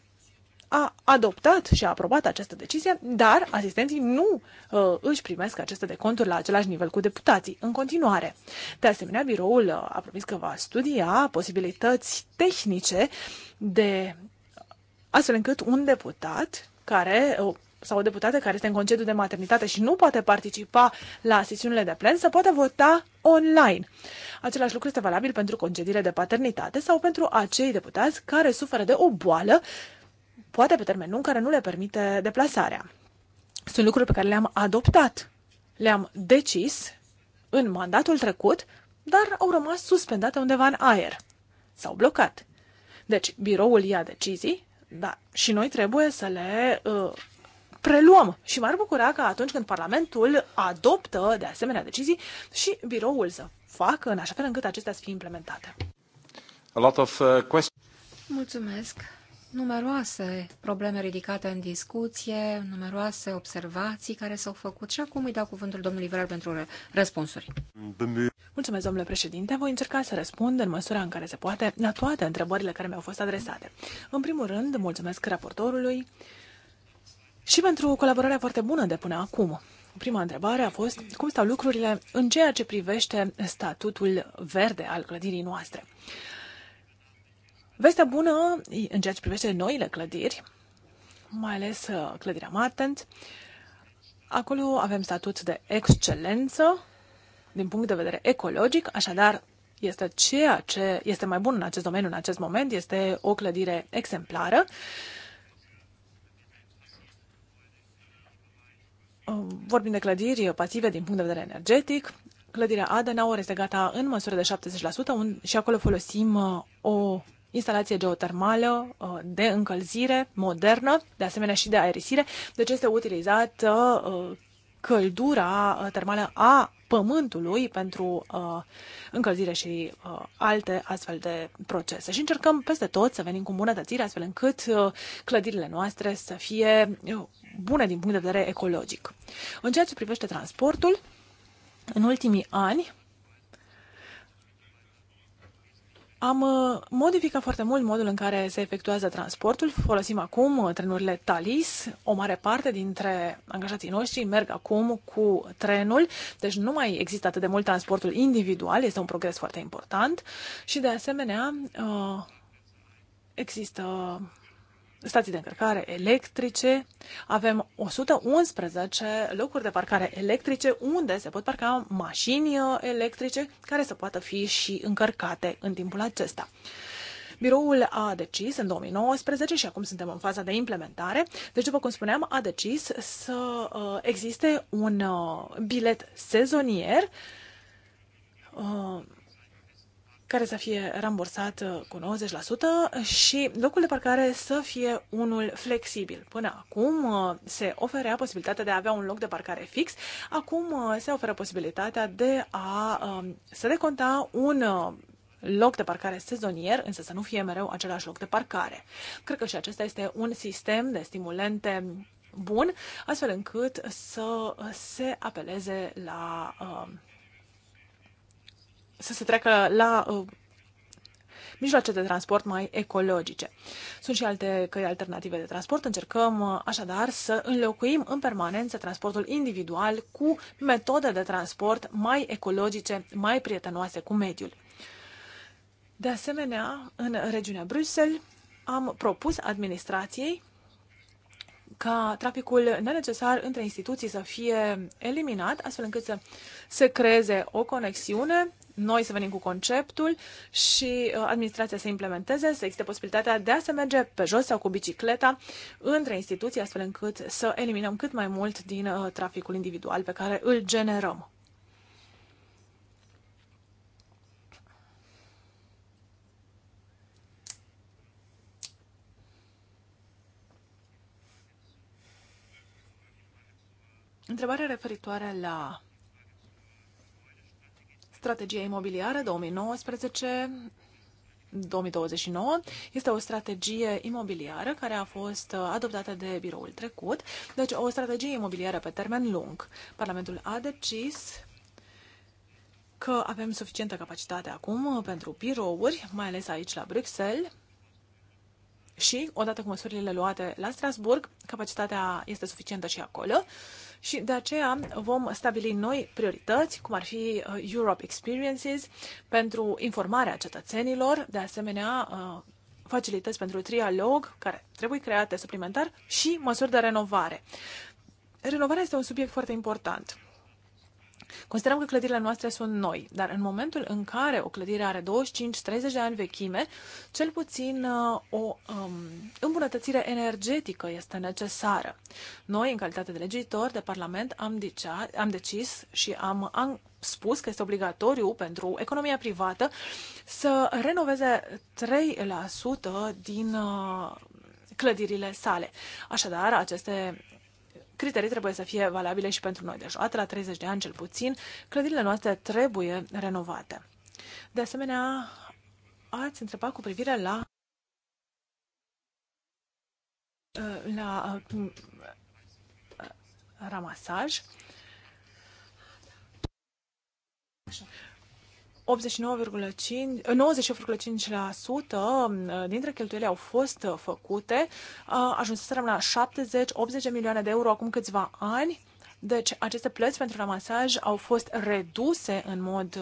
a adoptat și a aprobat această decizie, dar asistenții nu uh, își primesc aceste deconturi la același nivel cu deputații în continuare. De asemenea, biroul uh, a promis că va studia posibilități tehnice de astfel încât un deputat care uh, sau o deputată care este în concediu de maternitate și nu poate participa la sesiunile de plen să poată vota online. Același lucru este valabil pentru concediile de paternitate sau pentru acei deputați care suferă de o boală poate pe termen lung, care nu le permite deplasarea. Sunt lucruri pe care le-am adoptat, le-am decis în mandatul trecut, dar au rămas suspendate undeva în aer. S-au blocat. Deci, biroul ia decizii, da, și noi trebuie să le uh, preluăm. Și m-ar bucura că atunci când Parlamentul adoptă de asemenea decizii și biroul să facă în așa fel încât acestea să fie implementate. A lot of, uh, Mulțumesc numeroase probleme ridicate în discuție, numeroase observații care s-au făcut și acum îi dau cuvântul domnului Vrar pentru răspunsuri. Mulțumesc, domnule președinte. Voi încerca să răspund în măsura în care se poate la toate întrebările care mi-au fost adresate. În primul rând, mulțumesc raportorului și pentru colaborarea foarte bună de până acum. Prima întrebare a fost cum stau lucrurile în ceea ce privește statutul verde al clădirii noastre. Vestea bună în ceea ce privește noile clădiri, mai ales uh, clădirea Martens, acolo avem statut de excelență din punct de vedere ecologic, așadar este ceea ce este mai bun în acest domeniu în acest moment, este o clădire exemplară. Uh, vorbim de clădiri pasive din punct de vedere energetic. Clădirea Adenauer este gata în măsură de 70% și acolo folosim uh, o instalație geotermală uh, de încălzire modernă, de asemenea și de aerisire. Deci este utilizată uh, căldura uh, termală a pământului pentru încălzire și alte astfel de procese. Și încercăm peste tot să venim cu îmbunătățiri astfel încât clădirile noastre să fie bune din punct de vedere ecologic. În ceea ce privește transportul, în ultimii ani am uh, modificat foarte mult modul în care se efectuează transportul. Folosim acum uh, trenurile Talis. O mare parte dintre angajații noștri merg acum cu trenul, deci nu mai există atât de mult transportul individual, este un progres foarte important și de asemenea uh, există stații de încărcare electrice. Avem 111 locuri de parcare electrice unde se pot parca mașini uh, electrice care să poată fi și încărcate în timpul acesta. Biroul a decis în 2019 și acum suntem în faza de implementare, deci după cum spuneam, a decis să uh, existe un uh, bilet sezonier care să fie rambursat uh, cu 90% și locul de parcare să fie unul flexibil. Până acum uh, se oferea posibilitatea de a avea un loc de parcare fix, acum uh, se oferă posibilitatea de a um, să deconta un loc de parcare sezonier, însă să nu fie mereu același loc de parcare. Cred că și acesta este un sistem de stimulente bun, astfel încât să se apeleze la uh, să se treacă la uh, mijloace de transport mai ecologice. Sunt și alte căi alternative de transport. Încercăm uh, așadar să înlocuim în permanență transportul individual cu metode de transport mai ecologice, mai prietenoase cu mediul. De asemenea, în regiunea Bruxelles am propus administrației ca traficul nenecesar între instituții să fie eliminat, astfel încât să se creeze o conexiune noi să venim cu conceptul și uh, administrația să implementeze, să existe posibilitatea de a se merge pe jos sau cu bicicleta între instituții, astfel încât să eliminăm cât mai mult din uh, traficul individual pe care îl generăm. Întrebarea referitoare la strategia imobiliară 2019 2029. Este o strategie imobiliară care a fost uh, adoptată de biroul trecut, deci o strategie imobiliară pe termen lung. Parlamentul a decis că avem suficientă capacitate acum uh, pentru birouri, mai ales aici la Bruxelles, și, odată cu măsurile luate la Strasburg, capacitatea este suficientă și acolo și de aceea vom stabili noi priorități, cum ar fi uh, Europe Experiences, pentru informarea cetățenilor, de asemenea uh, facilități pentru trialog, care trebuie create suplimentar, și măsuri de renovare. Renovarea este un subiect foarte important. Considerăm că clădirile noastre sunt noi, dar în momentul în care o clădire are 25-30 de ani vechime, cel puțin uh, o um, îmbunătățire energetică este necesară. Noi, în calitate de legitor de Parlament, am, dicea, am decis și am, am spus că este obligatoriu pentru economia privată să renoveze 3% din uh, clădirile sale. Așadar, aceste criterii trebuie să fie valabile și pentru noi. Deci, atât la 30 de ani cel puțin, clădirile noastre trebuie renovate. De asemenea, ați întrebat cu privire la uh, la uh, ramasaj. Așa. 98,5% uh, dintre cheltuieli au fost uh, făcute, uh, să la 70-80 de milioane de euro acum câțiva ani, deci aceste plăți pentru la masaj au fost reduse în mod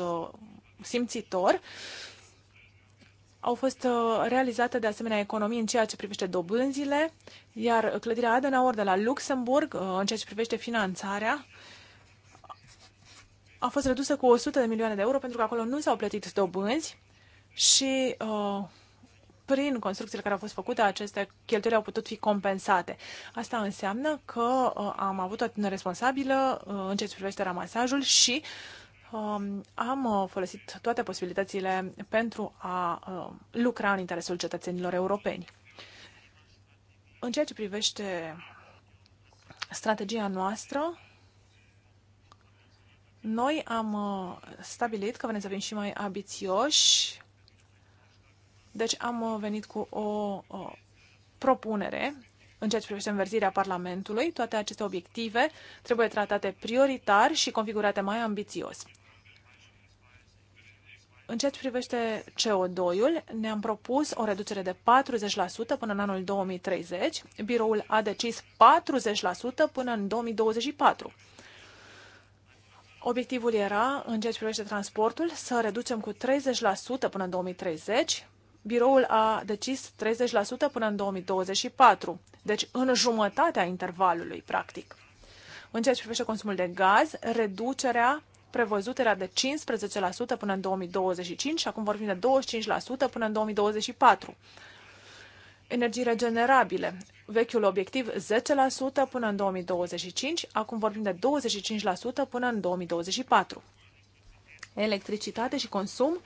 simțitor. Au fost realizate de asemenea economii în ceea ce privește dobânzile, iar clădirea Adenauer de la Luxemburg, în ceea ce privește finanțarea, a fost redusă cu 100 de milioane de euro pentru că acolo nu s-au plătit dobânzi și uh, prin construcțiile care au fost făcute, aceste cheltuieli au putut fi compensate. Asta înseamnă că uh, am avut o atitudine responsabilă uh, în ce privește ramasajul și um, am uh, folosit toate posibilitățile pentru a uh, lucra în interesul cetățenilor europeni. În ceea ce privește strategia noastră, noi am uh, stabilit că vrem să fim și mai ambițioși, deci am uh, venit cu o uh, propunere în ceea ce privește înverzirea Parlamentului. Toate aceste obiective trebuie tratate prioritar și configurate mai ambițios. În ceea ce privește CO2-ul, ne-am propus o reducere de 40% până în anul 2030. Biroul a decis 40% până în 2024. Obiectivul era, în ceea ce privește transportul, să reducem cu 30% până în 2030. Biroul a decis 30% până în 2024, deci în jumătatea intervalului, practic. În ceea ce privește consumul de gaz, reducerea prevăzută era de 15% până în 2025 și acum vorbim de 25% până în 2024 energii regenerabile. Vechiul obiectiv 10% până în 2025, acum vorbim de 25% până în 2024. Electricitate și consum.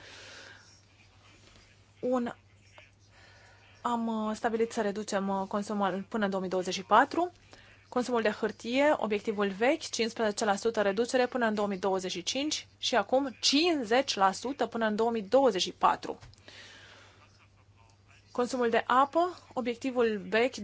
Un, am uh, stabilit să reducem uh, consumul până în 2024. Consumul de hârtie, obiectivul vechi, 15% reducere până în 2025 și acum 50% până în 2024. Consumul de apă, obiectivul vechi 2%,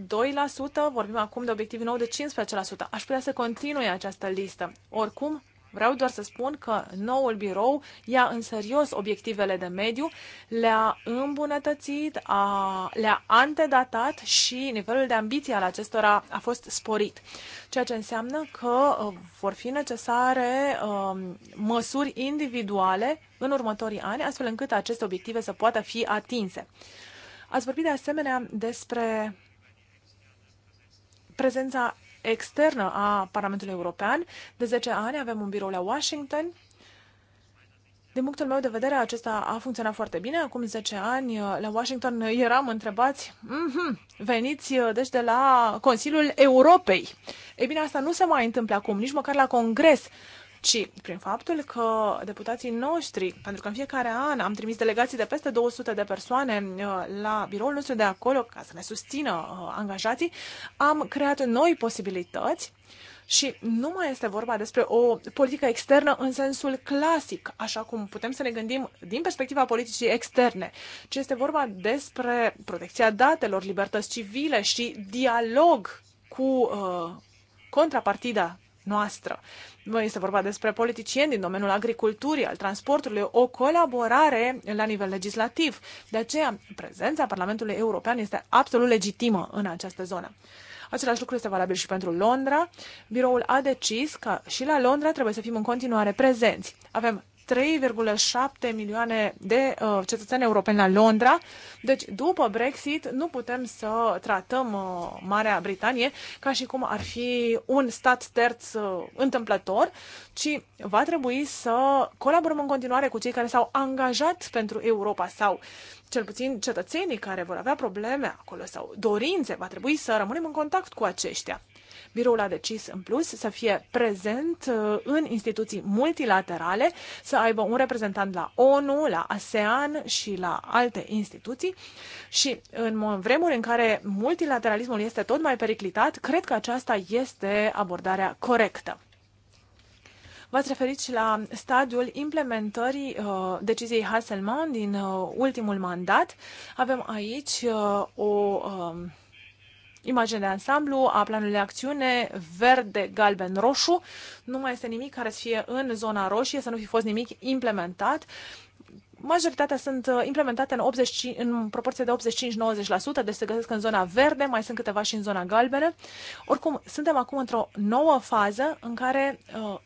vorbim acum de obiectiv nou de 15%. Aș putea să continui această listă. Oricum, vreau doar să spun că noul birou ia în serios obiectivele de mediu, le-a îmbunătățit, a, le-a antedatat și nivelul de ambiție al acestora a fost sporit. Ceea ce înseamnă că uh, vor fi necesare um, măsuri individuale în următorii ani, astfel încât aceste obiective să poată fi atinse. Ați vorbit de asemenea despre prezența externă a Parlamentului European. De 10 ani avem un birou la Washington. Din punctul meu de vedere, acesta a funcționat foarte bine. Acum 10 ani, uh, la Washington, eram întrebați, mm-hmm, veniți uh, deci de la Consiliul Europei. Ei bine, asta nu se mai întâmplă acum, nici măcar la Congres ci prin faptul că deputații noștri, pentru că în fiecare an am trimis delegații de peste 200 de persoane uh, la biroul nostru de acolo ca să ne susțină uh, angajații, am creat noi posibilități și nu mai este vorba despre o politică externă în sensul clasic, așa cum putem să ne gândim din perspectiva politicii externe, ci este vorba despre protecția datelor, libertăți civile și dialog cu uh, contrapartida noastră. Nu este vorba despre politicieni din domeniul agriculturii, al transportului, o colaborare la nivel legislativ. De aceea, prezența Parlamentului European este absolut legitimă în această zonă. Același lucru este valabil și pentru Londra. Biroul a decis că și la Londra trebuie să fim în continuare prezenți. Avem 3,7 milioane de uh, cetățeni europeni la Londra. Deci, după Brexit, nu putem să tratăm uh, Marea Britanie ca și cum ar fi un stat terț uh, întâmplător, ci va trebui să colaborăm în continuare cu cei care s-au angajat pentru Europa sau cel puțin cetățenii care vor avea probleme acolo sau dorințe, va trebui să rămânem în contact cu aceștia. Biroul a decis în plus să fie prezent uh, în instituții multilaterale, să aibă un reprezentant la ONU, la ASEAN și la alte instituții și în vremuri în care multilateralismul este tot mai periclitat, cred că aceasta este abordarea corectă. V-ați referit și la stadiul implementării uh, deciziei Hasselman din uh, ultimul mandat. Avem aici uh, o uh, imagine de ansamblu a planului de acțiune verde, galben, roșu. Nu mai este nimic care să fie în zona roșie, să nu fi fost nimic implementat. Majoritatea sunt uh, implementate în, 80, în proporție de 85-90%, deci se găsesc în zona verde, mai sunt câteva și în zona galbenă. Oricum, suntem acum într-o nouă fază în care uh,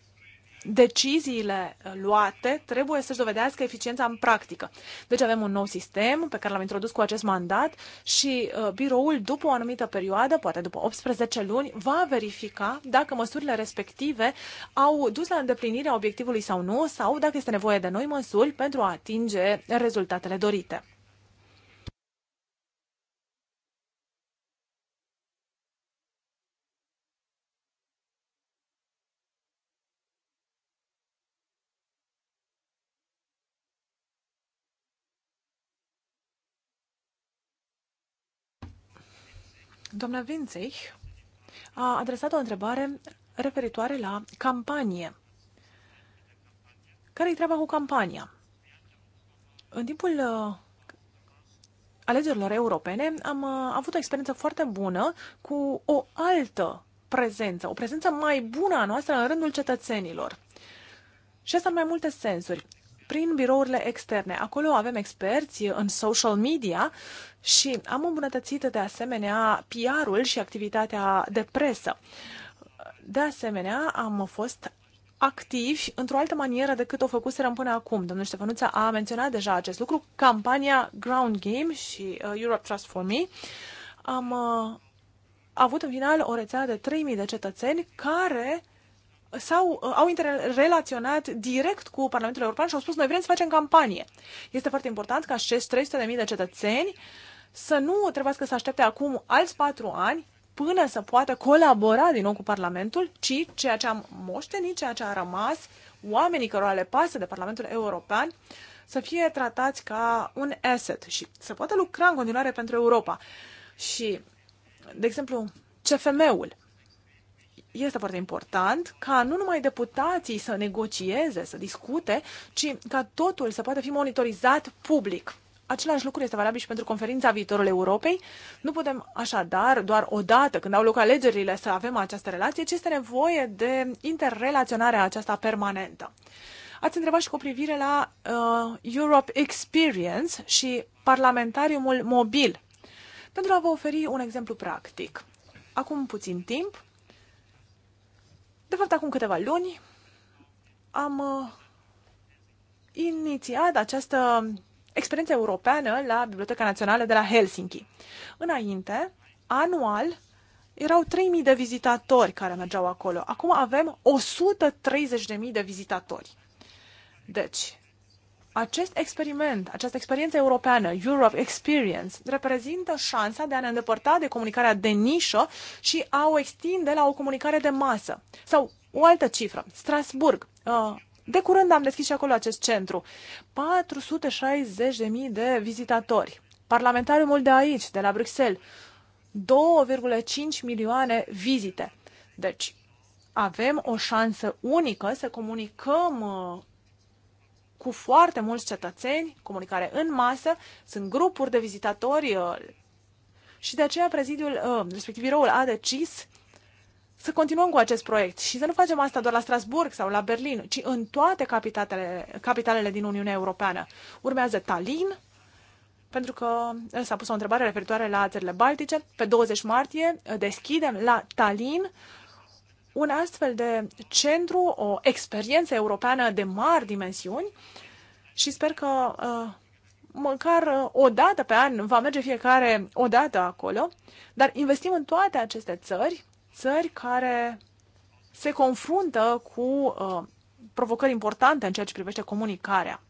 deciziile uh, luate trebuie să-și dovedească eficiența în practică. Deci avem un nou sistem pe care l-am introdus cu acest mandat și uh, biroul, după o anumită perioadă, poate după 18 luni, va verifica dacă măsurile respective au dus la îndeplinirea obiectivului sau nu, sau dacă este nevoie de noi măsuri pentru a atinge rezultatele dorite. Doamna Vințich a adresat o întrebare referitoare la campanie. Care-i treaba cu campania? În timpul uh, alegerilor europene am uh, avut o experiență foarte bună cu o altă prezență, o prezență mai bună a noastră în rândul cetățenilor. Și asta în mai multe sensuri prin birourile externe. Acolo avem experți în social media și am îmbunătățit de asemenea PR-ul și activitatea de presă. De asemenea, am fost activi într-o altă manieră decât o făcuserăm până acum. Domnul Ștefănuța a menționat deja acest lucru, campania Ground Game și uh, Europe Trust for Me. Am uh, avut în final o rețea de 3000 de cetățeni care uh, sau uh, au interrelaționat direct cu Parlamentul European și au spus noi vrem să facem campanie. Este foarte important ca acești 300.000 de cetățeni să nu trebuiască să aștepte acum alți patru ani până să poată colabora din nou cu Parlamentul, ci ceea ce am moștenit, ceea ce a rămas, oamenii cărora le pasă de Parlamentul European, să fie tratați ca un asset și să poată lucra în continuare pentru Europa. Și, de exemplu, CFM-ul este foarte important ca nu numai deputații să negocieze, să discute, ci ca totul să poată fi monitorizat public. Același lucru este valabil și pentru conferința viitorul Europei. Nu putem așadar doar o dată, când au loc alegerile, să avem această relație, ci este nevoie de interrelaționarea aceasta permanentă. Ați întrebat și cu privire la uh, Europe Experience și parlamentariumul mobil. Pentru a vă oferi un exemplu practic. Acum puțin timp, de fapt, acum câteva luni am uh, inițiat această experiență europeană la Biblioteca Națională de la Helsinki. Înainte, anual, erau 3.000 de vizitatori care mergeau acolo. Acum avem 130.000 de vizitatori. Deci, acest experiment, această experiență europeană, Europe Experience, reprezintă șansa de a ne îndepărta de comunicarea de nișă și a o extinde la o comunicare de masă. Sau o altă cifră, Strasburg. Uh, de curând am deschis și acolo acest centru. 460.000 de vizitatori. Parlamentariumul de aici, de la Bruxelles, 2,5 milioane vizite. Deci, avem o șansă unică să comunicăm uh, cu foarte mulți cetățeni, comunicare în masă, sunt grupuri de vizitatori uh, și de aceea prezidiul, uh, respectiv biroul a decis să continuăm cu acest proiect și să nu facem asta doar la Strasburg sau la Berlin, ci în toate capitalele, capitalele din Uniunea Europeană. Urmează Tallinn, pentru că uh, s-a pus o întrebare referitoare la țările baltice. Pe 20 martie deschidem la Tallinn un astfel de centru, o experiență europeană de mari dimensiuni și sper că uh, măcar uh, o dată pe an va merge fiecare o dată acolo, dar investim în toate aceste țări, țări care se confruntă cu uh, provocări importante în ceea ce privește comunicarea.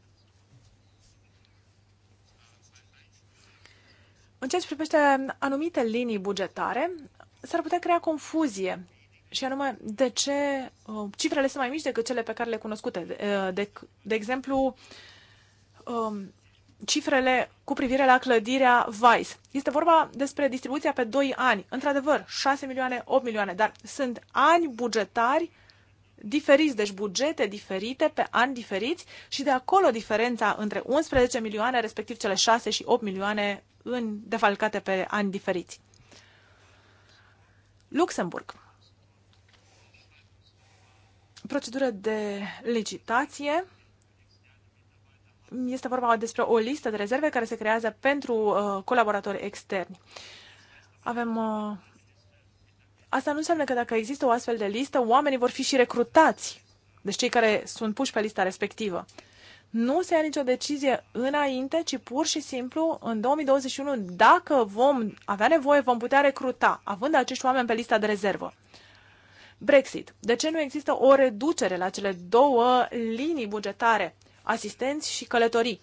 În ceea ce privește anumite linii bugetare, s-ar putea crea confuzie și anume de ce uh, cifrele sunt mai mici decât cele pe care le cunoscute. De, uh, de, de exemplu, um, cifrele cu privire la clădirea Vice. Este vorba despre distribuția pe 2 ani. Într-adevăr, 6 milioane, 8 milioane, dar sunt ani bugetari diferiți, deci bugete diferite pe ani diferiți și de acolo diferența între 11 milioane, respectiv cele 6 și 8 milioane în defalcate pe ani diferiți. Luxemburg procedură de licitație. Este vorba despre o listă de rezerve care se creează pentru uh, colaboratori externi. Avem uh, Asta nu înseamnă că dacă există o astfel de listă, oamenii vor fi și recrutați, deci cei care sunt puși pe lista respectivă. Nu se ia nicio decizie înainte, ci pur și simplu în 2021, dacă vom avea nevoie, vom putea recruta, având acești oameni pe lista de rezervă. Brexit. De ce nu există o reducere la cele două linii bugetare, asistenți și călătorii?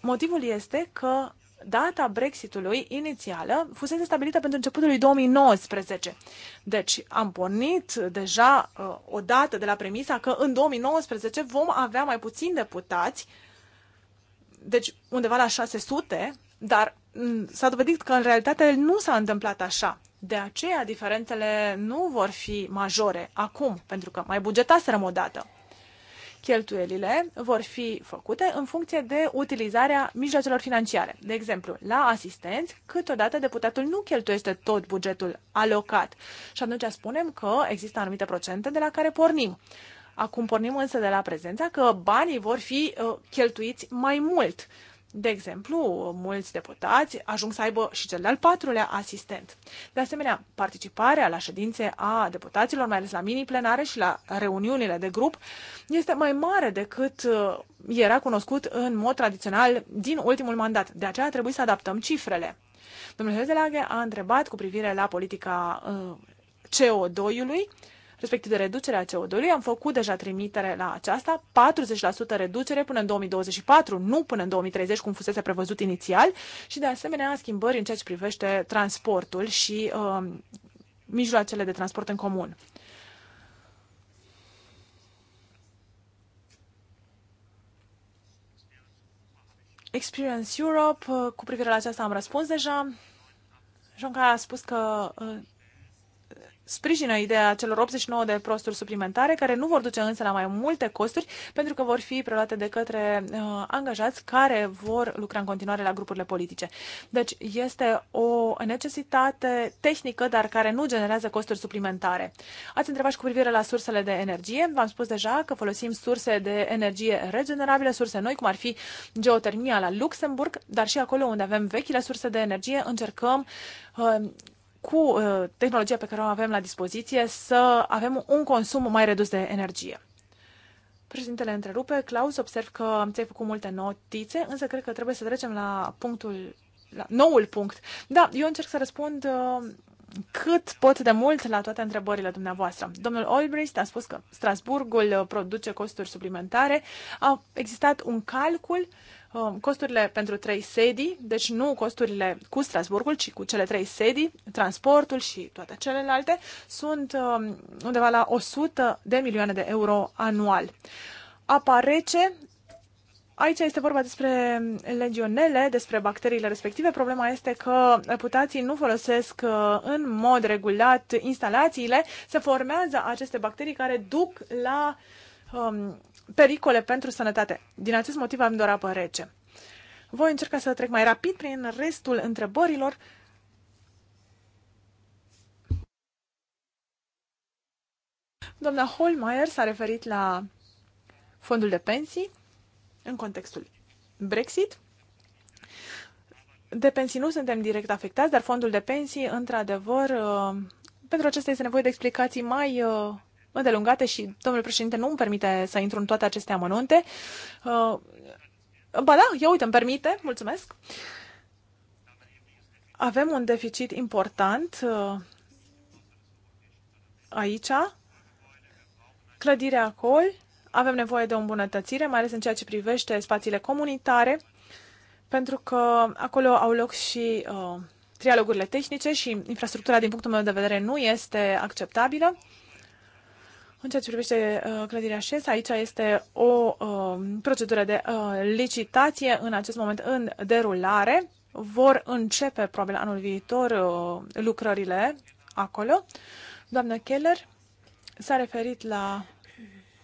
Motivul este că data Brexitului inițială fusese stabilită pentru începutul lui 2019. Deci am pornit deja uh, o dată de la premisa că în 2019 vom avea mai puțin deputați, deci undeva la 600, dar mm, s-a dovedit că în realitate nu s-a întâmplat așa. De aceea, diferențele nu vor fi majore acum, pentru că mai bugetaserăm dată. Cheltuielile vor fi făcute în funcție de utilizarea mijloacelor financiare. De exemplu, la asistenți, câteodată deputatul nu cheltuiește tot bugetul alocat și atunci spunem că există anumite procente de la care pornim. Acum pornim însă de la prezența că banii vor fi uh, cheltuiți mai mult de exemplu, mulți deputați ajung să aibă și cel de-al patrulea asistent. De asemenea, participarea la ședințe a deputaților, mai ales la mini-plenare și la reuniunile de grup, este mai mare decât uh, era cunoscut în mod tradițional din ultimul mandat. De aceea trebuie să adaptăm cifrele. Domnul Hezelage a întrebat cu privire la politica uh, CO2-ului respectiv de reducerea CO2-ului. Am făcut deja trimitere la aceasta, 40% reducere până în 2024, nu până în 2030, cum fusese prevăzut inițial, și de asemenea schimbări în ceea ce privește transportul și uh, mijloacele de transport în comun. Experience Europe, uh, cu privire la aceasta am răspuns deja. Jonca a spus că uh, sprijină ideea celor 89 de prosturi suplimentare, care nu vor duce însă la mai multe costuri, pentru că vor fi preluate de către uh, angajați care vor lucra în continuare la grupurile politice. Deci este o necesitate tehnică, dar care nu generează costuri suplimentare. Ați întrebat și cu privire la sursele de energie. V-am spus deja că folosim surse de energie regenerabile, surse noi, cum ar fi geotermia la Luxemburg, dar și acolo unde avem vechile surse de energie, încercăm uh, cu uh, tehnologia pe care o avem la dispoziție să avem un consum mai redus de energie. Președintele întrerupe. Claus, observ că ți-ai făcut multe notițe, însă cred că trebuie să trecem la punctul, la noul punct. Da, eu încerc să răspund uh, cât pot de mult la toate întrebările dumneavoastră. Domnul Olbricht a spus că Strasburgul produce costuri suplimentare. A existat un calcul Um, costurile pentru trei sedii, deci nu costurile cu Strasburgul, ci cu cele trei sedii, transportul și toate celelalte, sunt um, undeva la 100 de milioane de euro anual. Apa rece, aici este vorba despre legionele, despre bacteriile respective. Problema este că reputații nu folosesc uh, în mod regulat instalațiile, se formează aceste bacterii care duc la um, pericole pentru sănătate. Din acest motiv am doar apă rece. Voi încerca să trec mai rapid prin restul întrebărilor. Doamna Holmeier s-a referit la fondul de pensii în contextul Brexit. De pensii nu suntem direct afectați, dar fondul de pensii, într-adevăr, uh, pentru acesta este nevoie de explicații mai uh, îndelungate și domnul președinte nu îmi permite să intru în toate aceste amănunte. Uh, ba da, eu uite, îmi permite, mulțumesc. Avem un deficit important uh, aici, clădirea acolo, avem nevoie de o îmbunătățire, mai ales în ceea ce privește spațiile comunitare, pentru că acolo au loc și uh, trialogurile tehnice și infrastructura, din punctul meu de vedere, nu este acceptabilă. În ceea ce privește uh, clădirea SES, aici este o uh, procedură de uh, licitație în acest moment în derulare. Vor începe probabil anul viitor uh, lucrările acolo. Doamna Keller s-a referit la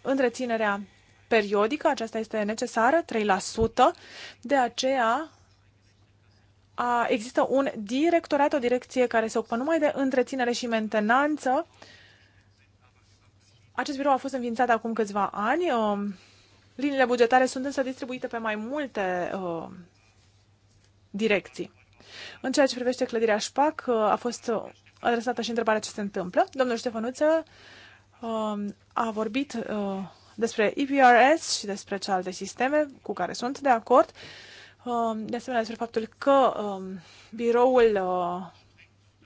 întreținerea periodică, aceasta este necesară, 3%, de aceea a, există un directorat, o direcție care se ocupă numai de întreținere și mentenanță uh, acest birou a fost înființat acum câțiva ani. Um, liniile bugetare sunt însă distribuite pe mai multe um, direcții. În ceea ce privește clădirea șpac, uh, a fost uh, adresată și întrebarea ce se întâmplă. Domnul Ștefănuță um, a vorbit uh, despre EPRS și despre cealaltă sisteme cu care sunt de acord. De asemenea, despre faptul că biroul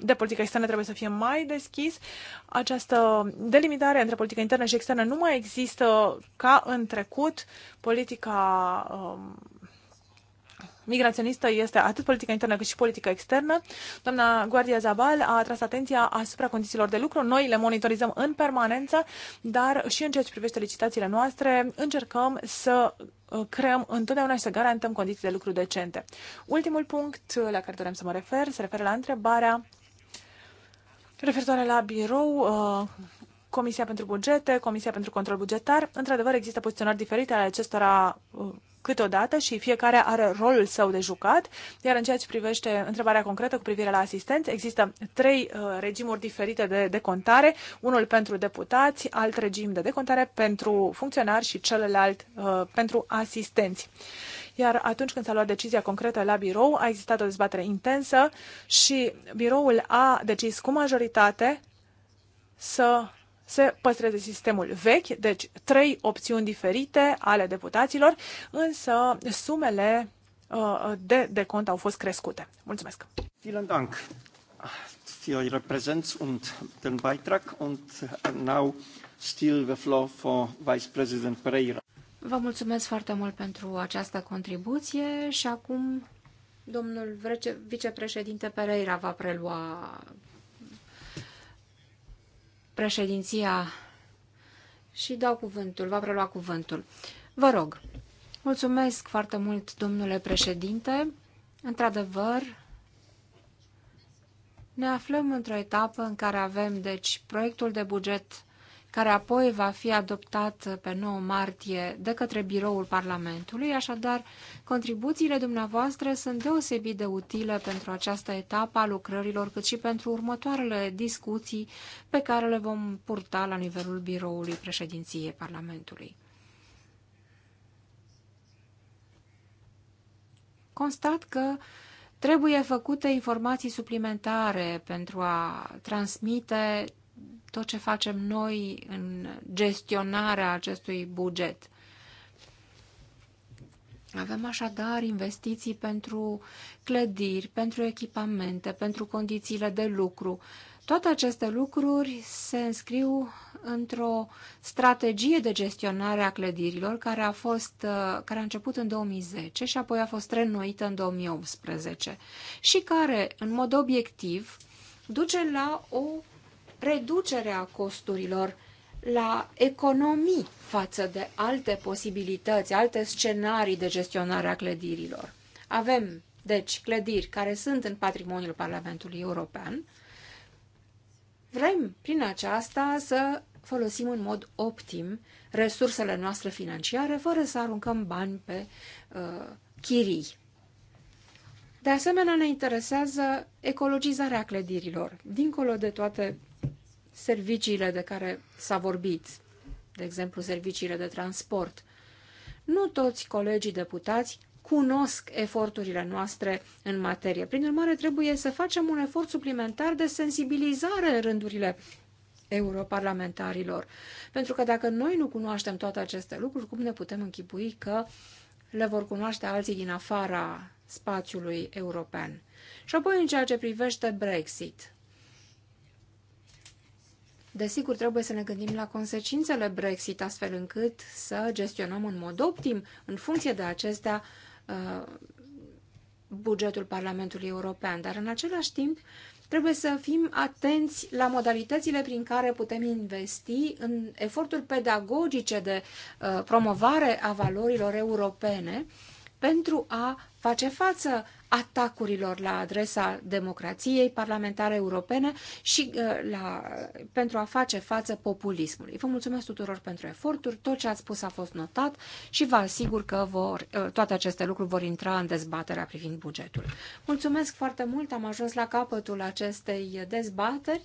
de politică externă trebuie să fie mai deschis. Această delimitare între politică internă și externă nu mai există ca în trecut. Politica um, migraționistă este atât politică internă cât și politică externă. Doamna Guardia Zabal a atras atenția asupra condițiilor de lucru. Noi le monitorizăm în permanență, dar și în ceea ce privește licitațiile noastre încercăm să uh, creăm întotdeauna și să garantăm condiții de lucru decente. Ultimul punct la care dorem să mă refer se referă la întrebarea Referitoare la birou, uh, Comisia pentru Bugete, Comisia pentru Control Bugetar, într-adevăr există poziționări diferite ale acestora uh, câteodată și fiecare are rolul său de jucat, iar în ceea ce privește întrebarea concretă cu privire la asistenți, există trei uh, regimuri diferite de decontare, unul pentru deputați, alt regim de decontare pentru funcționari și celălalt uh, pentru asistenți. Iar atunci când s-a luat decizia concretă la birou, a existat o dezbatere intensă și biroul a decis cu majoritate să se păstreze sistemul vechi, deci trei opțiuni diferite ale deputaților, însă sumele uh, de, de cont au fost crescute. Mulțumesc! Vielen Dank für Ihre Präsenz und den Beitrag und now still the floor for Vice President Pereira. Vă mulțumesc foarte mult pentru această contribuție și acum domnul vicepreședinte Pereira va prelua președinția și dau cuvântul, va prelua cuvântul. Vă rog, mulțumesc foarte mult, domnule președinte. Într-adevăr, ne aflăm într-o etapă în care avem, deci, proiectul de buget care apoi va fi adoptat pe 9 martie de către biroul Parlamentului, așadar contribuțiile dumneavoastră sunt deosebit de utile pentru această etapă a lucrărilor, cât și pentru următoarele discuții pe care le vom purta la nivelul biroului președinției Parlamentului. Constat că Trebuie făcute informații suplimentare pentru a transmite tot ce facem noi în gestionarea acestui buget. Avem așadar investiții pentru clădiri, pentru echipamente, pentru condițiile de lucru. Toate aceste lucruri se înscriu într-o strategie de gestionare a clădirilor care a, fost, uh, care a început în 2010 și apoi a fost renuită în 2018 și care, în mod obiectiv, duce la o reducerea costurilor la economii față de alte posibilități, alte scenarii de gestionare a clădirilor. Avem, deci, clădiri care sunt în patrimoniul Parlamentului European. Vrem, prin aceasta, să folosim în mod optim resursele noastre financiare fără să aruncăm bani pe uh, chirii. De asemenea, ne interesează ecologizarea clădirilor, dincolo de toate serviciile de care s-a vorbit, de exemplu serviciile de transport. Nu toți colegii deputați cunosc eforturile noastre în materie. Prin urmare, trebuie să facem un efort suplimentar de sensibilizare în rândurile europarlamentarilor. Pentru că dacă noi nu cunoaștem toate aceste lucruri, cum ne putem închipui că le vor cunoaște alții din afara spațiului european? Și apoi, în ceea ce privește Brexit, Desigur, trebuie să ne gândim la consecințele Brexit, astfel încât să gestionăm în mod optim, în funcție de acestea, uh, bugetul Parlamentului European. Dar, în același timp, trebuie să fim atenți la modalitățile prin care putem investi în eforturi pedagogice de uh, promovare a valorilor europene, pentru a face față atacurilor la adresa democrației parlamentare europene și uh, la, pentru a face față populismului. Vă mulțumesc tuturor pentru eforturi, tot ce ați spus a fost notat și vă asigur că vor, uh, toate aceste lucruri vor intra în dezbaterea privind bugetul. Mulțumesc foarte mult, am ajuns la capătul acestei dezbateri.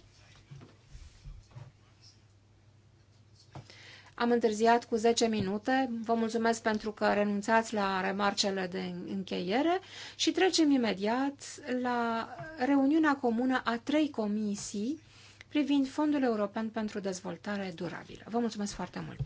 Am întârziat cu 10 minute. Vă mulțumesc pentru că renunțați la remarcele de încheiere și trecem imediat la reuniunea comună a trei comisii privind Fondul European pentru Dezvoltare Durabilă. Vă mulțumesc foarte mult!